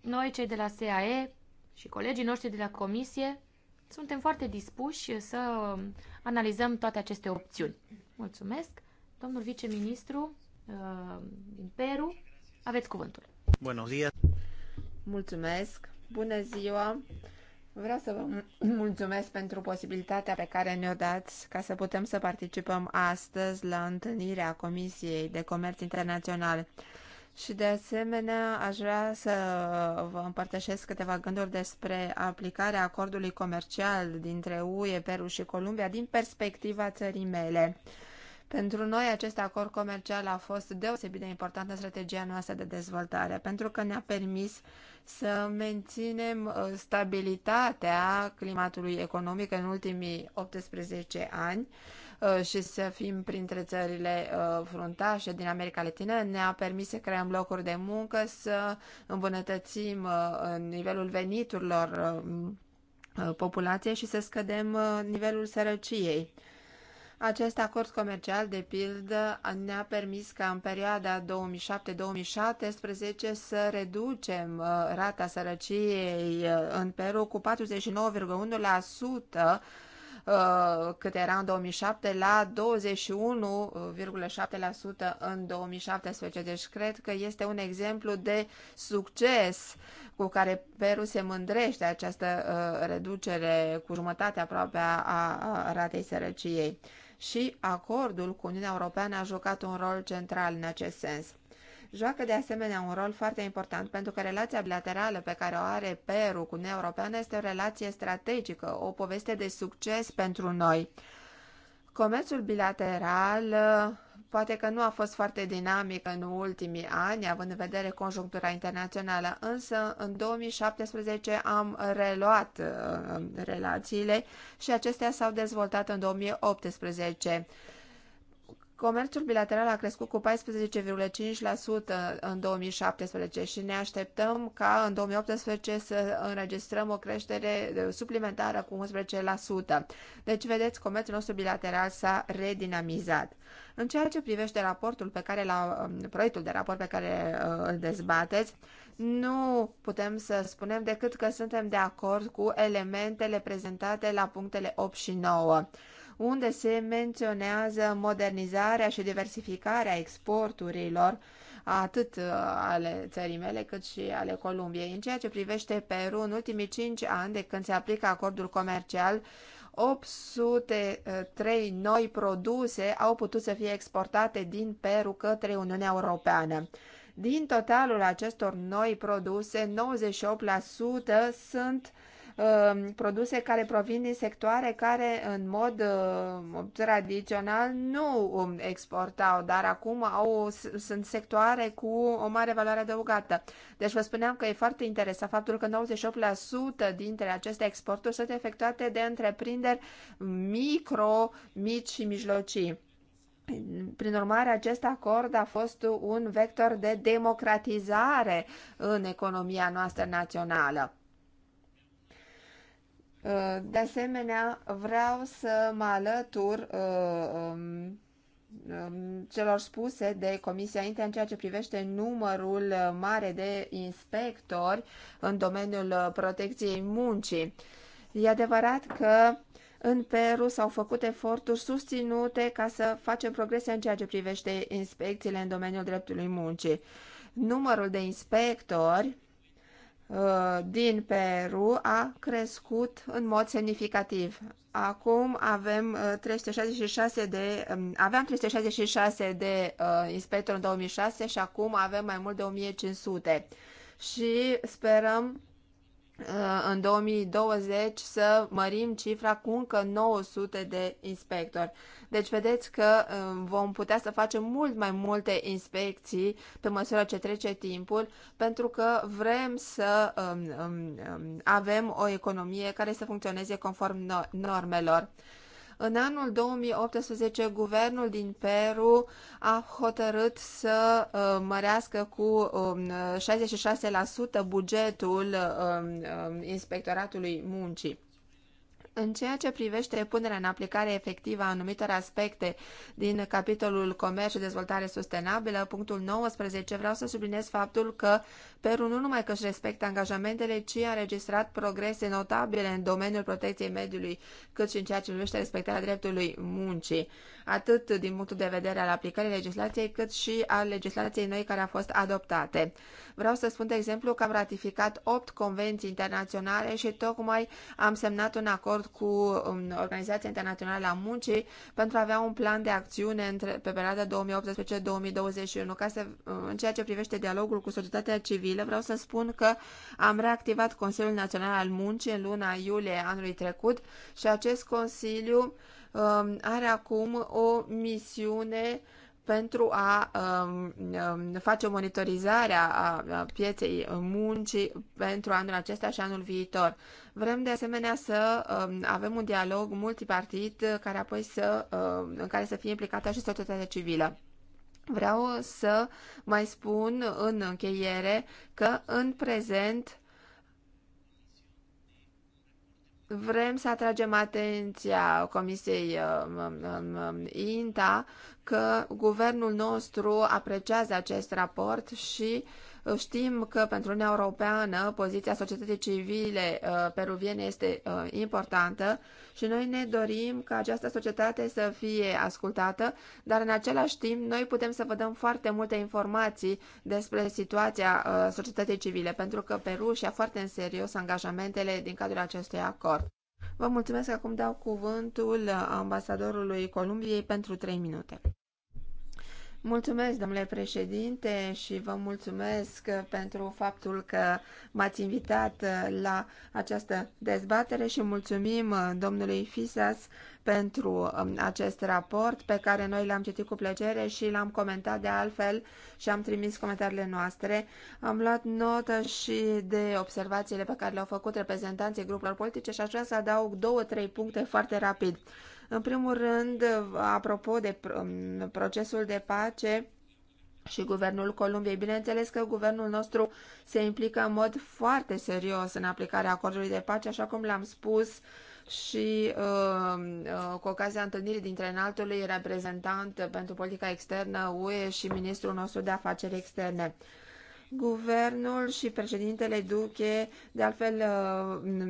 Noi, cei de la SAE și colegii noștri de la Comisie, suntem foarte dispuși să analizăm toate aceste opțiuni. Mulțumesc. Domnul viceministru Uh, din Peru. Aveți cuvântul. Bună ziua! Mulțumesc! Bună ziua! Vreau să vă [clears throat] mulțumesc pentru posibilitatea pe care ne-o dați ca să putem să participăm astăzi la întâlnirea Comisiei de Comerț Internațional. Și de asemenea aș vrea să vă împărtășesc câteva gânduri despre aplicarea acordului comercial dintre UE, Peru și Columbia din perspectiva țării mele. Pentru noi acest acord comercial a fost deosebit de important în strategia noastră de dezvoltare, pentru că ne-a permis să menținem uh, stabilitatea climatului economic în ultimii 18 ani uh, și să fim printre țările uh, fruntașe din America Latină. Ne-a permis să creăm locuri de muncă, să îmbunătățim nivelul veniturilor populației și să scădem nivelul sărăciei. Acest acord comercial, de pildă, ne-a permis ca în perioada 2007-2017 să reducem uh, rata sărăciei uh, în Peru cu 49,1% uh, cât era în 2007 la 21,7% în 2017. Deci cred că este un exemplu de succes cu care Peru se mândrește această reducere cu jumătate aproape a, ratei sărăciei și acordul cu Uniunea Europeană a jucat un rol central în acest sens. Joacă de asemenea un rol foarte important pentru că relația bilaterală pe care o are Peru cu Uniunea Europeană este o relație strategică, o poveste de succes pentru noi. Comerțul bilateral Poate că nu a fost foarte dinamic în ultimii ani, având în vedere conjunctura internațională, însă în 2017 am reluat uh, relațiile și acestea s-au dezvoltat în 2018. Comerțul bilateral a crescut cu 14,5% în 2017 și ne așteptăm ca în 2018 să înregistrăm o creștere suplimentară cu 11%. Deci, vedeți, comerțul nostru bilateral s-a redinamizat. În ceea ce privește raportul pe care la um, proiectul de raport pe care uh, îl dezbateți, nu putem să spunem decât că suntem de acord cu elementele prezentate la punctele 8 și 9 unde se menționează modernizarea și diversificarea exporturilor atât uh, ale țării mele cât și ale Columbiei. În ceea ce privește Peru, în ultimii 5 ani de când se aplică acordul comercial, 803 noi produse au putut să fie exportate din Peru către Uniunea Europeană. Din totalul acestor noi produse, 98% sunt Um, produse care provin din sectoare care în mod uh, tradițional nu um, exportau, dar acum au, sunt sectoare cu o mare valoare adăugată. Deci vă spuneam că e foarte interesant faptul că 98% dintre aceste exporturi sunt efectuate de întreprinderi micro, mici și mijlocii. Prin urmare, acest acord a fost un vector de democratizare în economia noastră națională. Uh, de asemenea, vreau să mă alătur uh, um, um, celor spuse de Comisia Inte în ceea ce privește numărul uh, mare de inspectori în domeniul protecției muncii. E adevărat că în Peru s-au făcut eforturi susținute ca să facem progrese în ceea ce privește inspecțiile în domeniul dreptului muncii. Numărul de inspectori Uh, din Peru a crescut în mod semnificativ. Acum avem 366 uh, de, um, aveam 366 de uh, inspectori în 2006 și acum avem mai mult de 1500. Și sperăm Uh, în 2020 să mărim cifra cu încă 900 de inspectori. Deci vedeți că um, vom putea să facem mult mai multe inspecții pe măsură ce trece timpul, pentru că vrem să um, um, avem o economie care să funcționeze conform normelor. În anul 2018, guvernul din Peru a hotărât să uh, mărească cu 66% um, bugetul um, um, Inspectoratului Muncii. În ceea ce privește punerea în aplicare efectivă a anumitor aspecte din capitolul Comerț și Dezvoltare Sustenabilă, punctul 19, vreau să subliniez faptul că Peru nu numai că își respectă angajamentele, ci a înregistrat progrese notabile în domeniul protecției mediului, cât și în ceea ce privește respectarea dreptului muncii, atât din punctul de vedere al aplicării legislației, cât și al legislației noi care a fost adoptate. Vreau să spun, de exemplu, că am ratificat 8 convenții internaționale și tocmai am semnat un acord cu um, Organizația Internațională a Muncii pentru a avea un plan de acțiune pe perioada 2018-2021, uh, în ceea ce privește dialogul cu societatea civilă zile, vreau să spun că am reactivat Consiliul Național al Muncii în luna iulie anului trecut și acest Consiliu um, are acum o misiune pentru a um, um face monitorizarea a pieței muncii pentru anul acesta și anul viitor. Vrem de asemenea să um, avem un dialog multipartit care apoi să, um, în care să fie implicată și societatea civilă. Vreau să mai spun în încheiere că în prezent vrem să atragem atenția Comisiei um, um, um, INTA că guvernul nostru apreciază acest raport și Știm că pentru Uniunea Europeană poziția societății civile uh, peruviene este uh, importantă și noi ne dorim ca această societate să fie ascultată, dar în același timp noi putem să vă dăm foarte multe informații despre situația uh, societății civile, pentru că Peru și-a foarte în serios angajamentele din cadrul acestui acord. Vă mulțumesc, acum dau cuvântul ambasadorului Columbiei pentru 3 minute. Mulțumesc, domnule președinte, și vă mulțumesc pentru faptul că m-ați invitat la această dezbatere și mulțumim domnului Fisas pentru um, acest raport pe care noi l-am citit cu plăcere și l-am comentat de altfel și am trimis comentariile noastre. Am luat notă și de observațiile pe care le-au făcut reprezentanții grupurilor politice și aș vrea să adaug două, trei puncte foarte rapid. În primul rând, apropo de um, procesul de pace și guvernul Columbiei, bineînțeles că guvernul nostru se implică în mod foarte serios în aplicarea acordului de pace, așa cum l-am spus și uh, uh, cu ocazia întâlnirii dintre înaltului reprezentant pentru politica externă UE și ministrul nostru de afaceri externe. Guvernul și președintele Duche, de altfel, uh,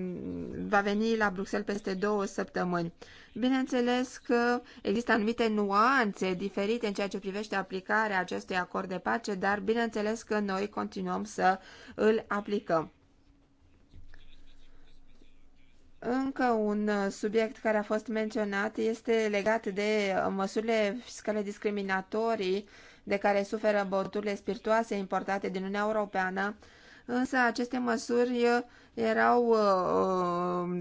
va veni la Bruxelles peste două săptămâni. Bineînțeles că există anumite nuanțe diferite în ceea ce privește aplicarea acestui acord de pace, dar bineînțeles că noi continuăm să îl aplicăm. Încă un uh, subiect care a fost menționat este legat de uh, măsurile fiscale discriminatorii de care suferă băuturile spiritoase importate din Uniunea Europeană, însă aceste măsuri uh, erau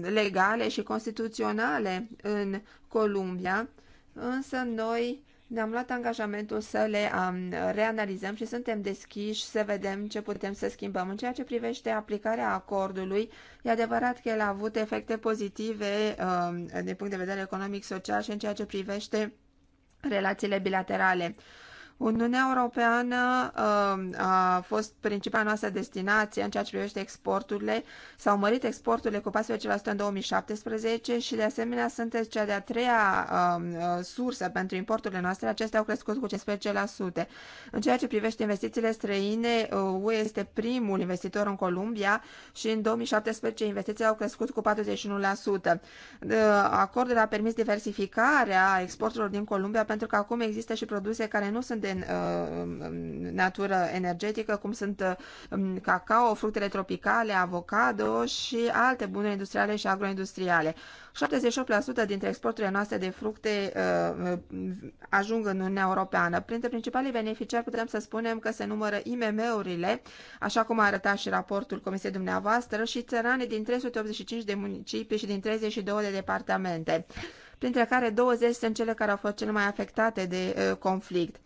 legale și constituționale în Columbia, însă noi ne-am luat angajamentul să le um, reanalizăm și suntem deschiși să vedem ce putem să schimbăm. În ceea ce privește aplicarea acordului, e adevărat că el a avut efecte pozitive um, din punct de vedere economic, social și în ceea ce privește relațiile bilaterale. Uniunea Europeană um, a fost principala noastră destinație în ceea ce privește exporturile. S-au mărit exporturile cu 14% în 2017 și de asemenea sunteți cea de-a treia um, uh, sursă pentru importurile noastre. Acestea au crescut cu 15%. În ceea ce privește investițiile străine, UE uh, este primul investitor în Columbia și în 2017 investițiile au crescut cu 41%. Uh, acordul a permis diversificarea exporturilor din Columbia pentru că acum există și produse care nu sunt de uh, um, natură energetică, cum sunt uh, um, cacao, fructele tropicale, avocado și alte bunuri industriale și agroindustriale. 78% dintre exporturile noastre de fructe uh, ajung în Uniunea Europeană. Printre principalii beneficiari putem să spunem că se numără IMM-urile, așa cum a arătat și raportul Comisiei dumneavoastră, și țărane din 385 de municipii și din 32 de departamente printre care 20 sunt cele care au fost cele mai afectate de uh, conflict.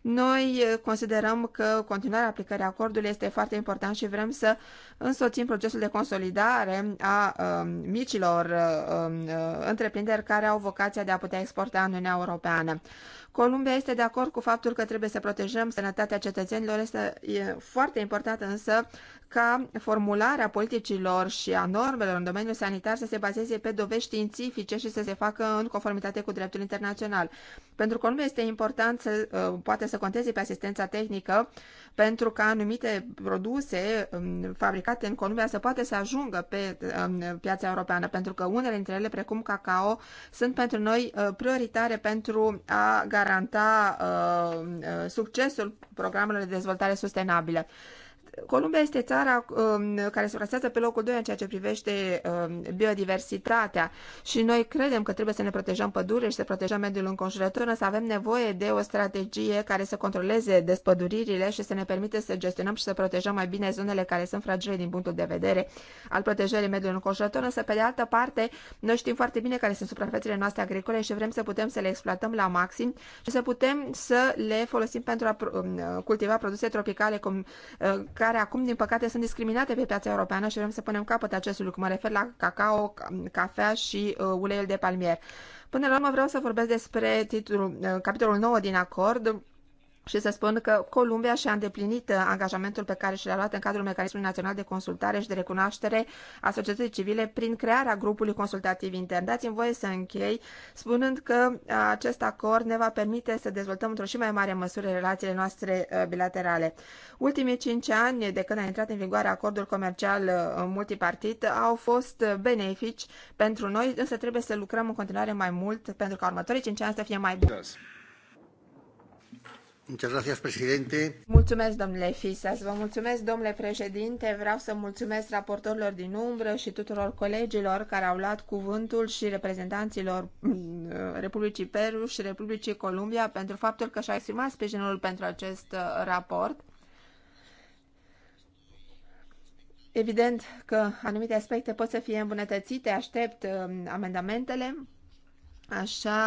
Noi uh, considerăm că continuarea aplicării acordului este foarte important și vrem să însoțim procesul de consolidare a um, micilor uh, um, întreprinderi care au vocația de a putea exporta în Uniunea Europeană. Columbia este de acord cu faptul că trebuie să protejăm sănătatea cetățenilor, este foarte important însă ca formularea politicilor și a normelor în domeniul sanitar să se bazeze pe dovești științifice și să se facă în conformitate cu dreptul internațional. Pentru nu este important să uh, poate să conteze pe asistența tehnică pentru ca anumite produse um, fabricate în Columbia să poată să ajungă pe um, piața europeană, pentru că unele dintre ele, precum cacao, sunt pentru noi uh, prioritare pentru a garanta uh, succesul programelor de dezvoltare sustenabilă. Columbia este țara um, care se plasează pe locul 2 în ceea ce privește um, biodiversitatea și noi credem că trebuie să ne protejăm pădurile și să protejăm mediul înconjurător, însă avem nevoie de o strategie care să controleze despăduririle și să ne permite să gestionăm și să protejăm mai bine zonele care sunt fragile din punctul de vedere al protejării mediului înconjurător, însă pe de altă parte noi știm foarte bine care sunt suprafețele noastre agricole și vrem să putem să le exploatăm la maxim și să putem să le folosim pentru a um, cultiva produse tropicale cum, ca uh, care acum, din păcate, sunt discriminate pe piața europeană și vrem să punem capăt acestui lucru. Mă refer la cacao, cafea și uh, uleiul de palmier. Până la urmă vreau să vorbesc despre titlul, uh, capitolul 9 din acord, și să spun că Columbia și-a îndeplinit uh, angajamentul pe care și l-a luat în cadrul Mecanismului Național de Consultare și de Recunoaștere a Societății Civile prin crearea grupului consultativ intern. Dați-mi voie să închei spunând că uh, acest acord ne va permite să dezvoltăm într-o și mai mare măsură relațiile noastre uh, bilaterale. Ultimii cinci ani de când a intrat în vigoare acordul comercial multipartit au fost benefici pentru noi, însă trebuie să lucrăm în continuare mai mult pentru ca următorii cinci ani să fie mai buni. Mulțumesc, domnule Fisas, vă mulțumesc, domnule președinte. Vreau să mulțumesc raportorilor din umbră și tuturor colegilor care au luat cuvântul și reprezentanților mm, uh, Republicii Peru și Republicii Columbia pentru faptul că și-au exprimat sprijinul pentru acest uh, raport. Evident că anumite aspecte pot să fie îmbunătățite, aștept uh, amendamentele Așa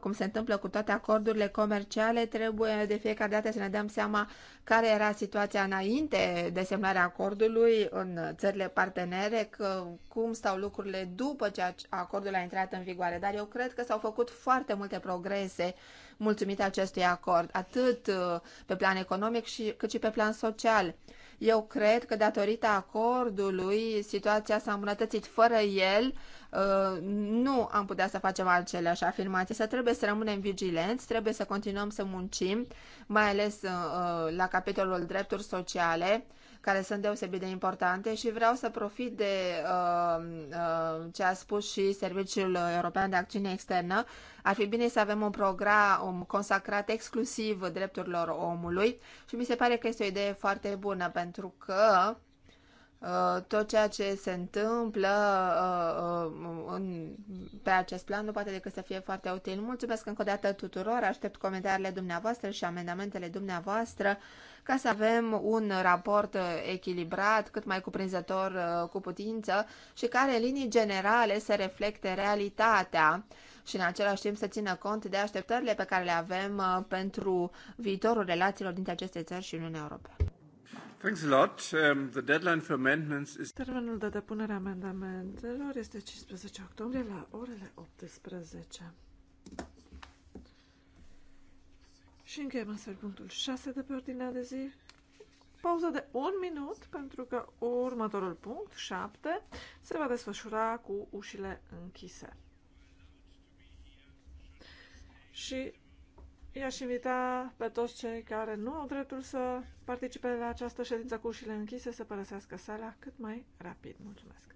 cum se întâmplă cu toate acordurile comerciale, trebuie de fiecare dată să ne dăm seama care era situația înainte de semnarea acordului în țările partenere, că, cum stau lucrurile după ce acordul a intrat în vigoare. Dar eu cred că s-au făcut foarte multe progrese mulțumite acestui acord, atât uh, pe plan economic și, cât și pe plan social. Eu cred că datorită acordului situația s-a îmbunătățit. Fără el, Uh, nu am putea să facem așa afirmații, să trebuie să rămânem vigilenți, trebuie să continuăm să muncim, mai ales uh, uh, la capitolul drepturi sociale, care sunt deosebit de importante și vreau să profit de uh, uh, ce a spus și Serviciul European de Acțiune Externă. Ar fi bine să avem un program consacrat exclusiv drepturilor omului și mi se pare că este o idee foarte bună pentru că Uh, tot ceea ce se întâmplă uh, uh, în, pe acest plan nu poate decât să fie foarte util. Mulțumesc încă o dată tuturor, aștept comentariile dumneavoastră și amendamentele dumneavoastră ca să avem un raport echilibrat, cât mai cuprinzător cu putință și care în linii generale să reflecte realitatea și în același timp să țină cont de așteptările pe care le avem pentru viitorul relațiilor dintre aceste țări și Uniunea Europeană. Thanks a lot. Um, the deadline for amendments is... Termenul de depunere a amendamentelor este 15 octombrie la orele 18. Și încheiem astfel punctul 6 de pe ordinea de zi. Pauză de un minut, pentru că următorul punct, 7, se va desfășura cu ușile închise. Și I-aș invita pe toți cei care nu au dreptul să participe la această ședință cu ușile închise să părăsească sala cât mai rapid. Mulțumesc!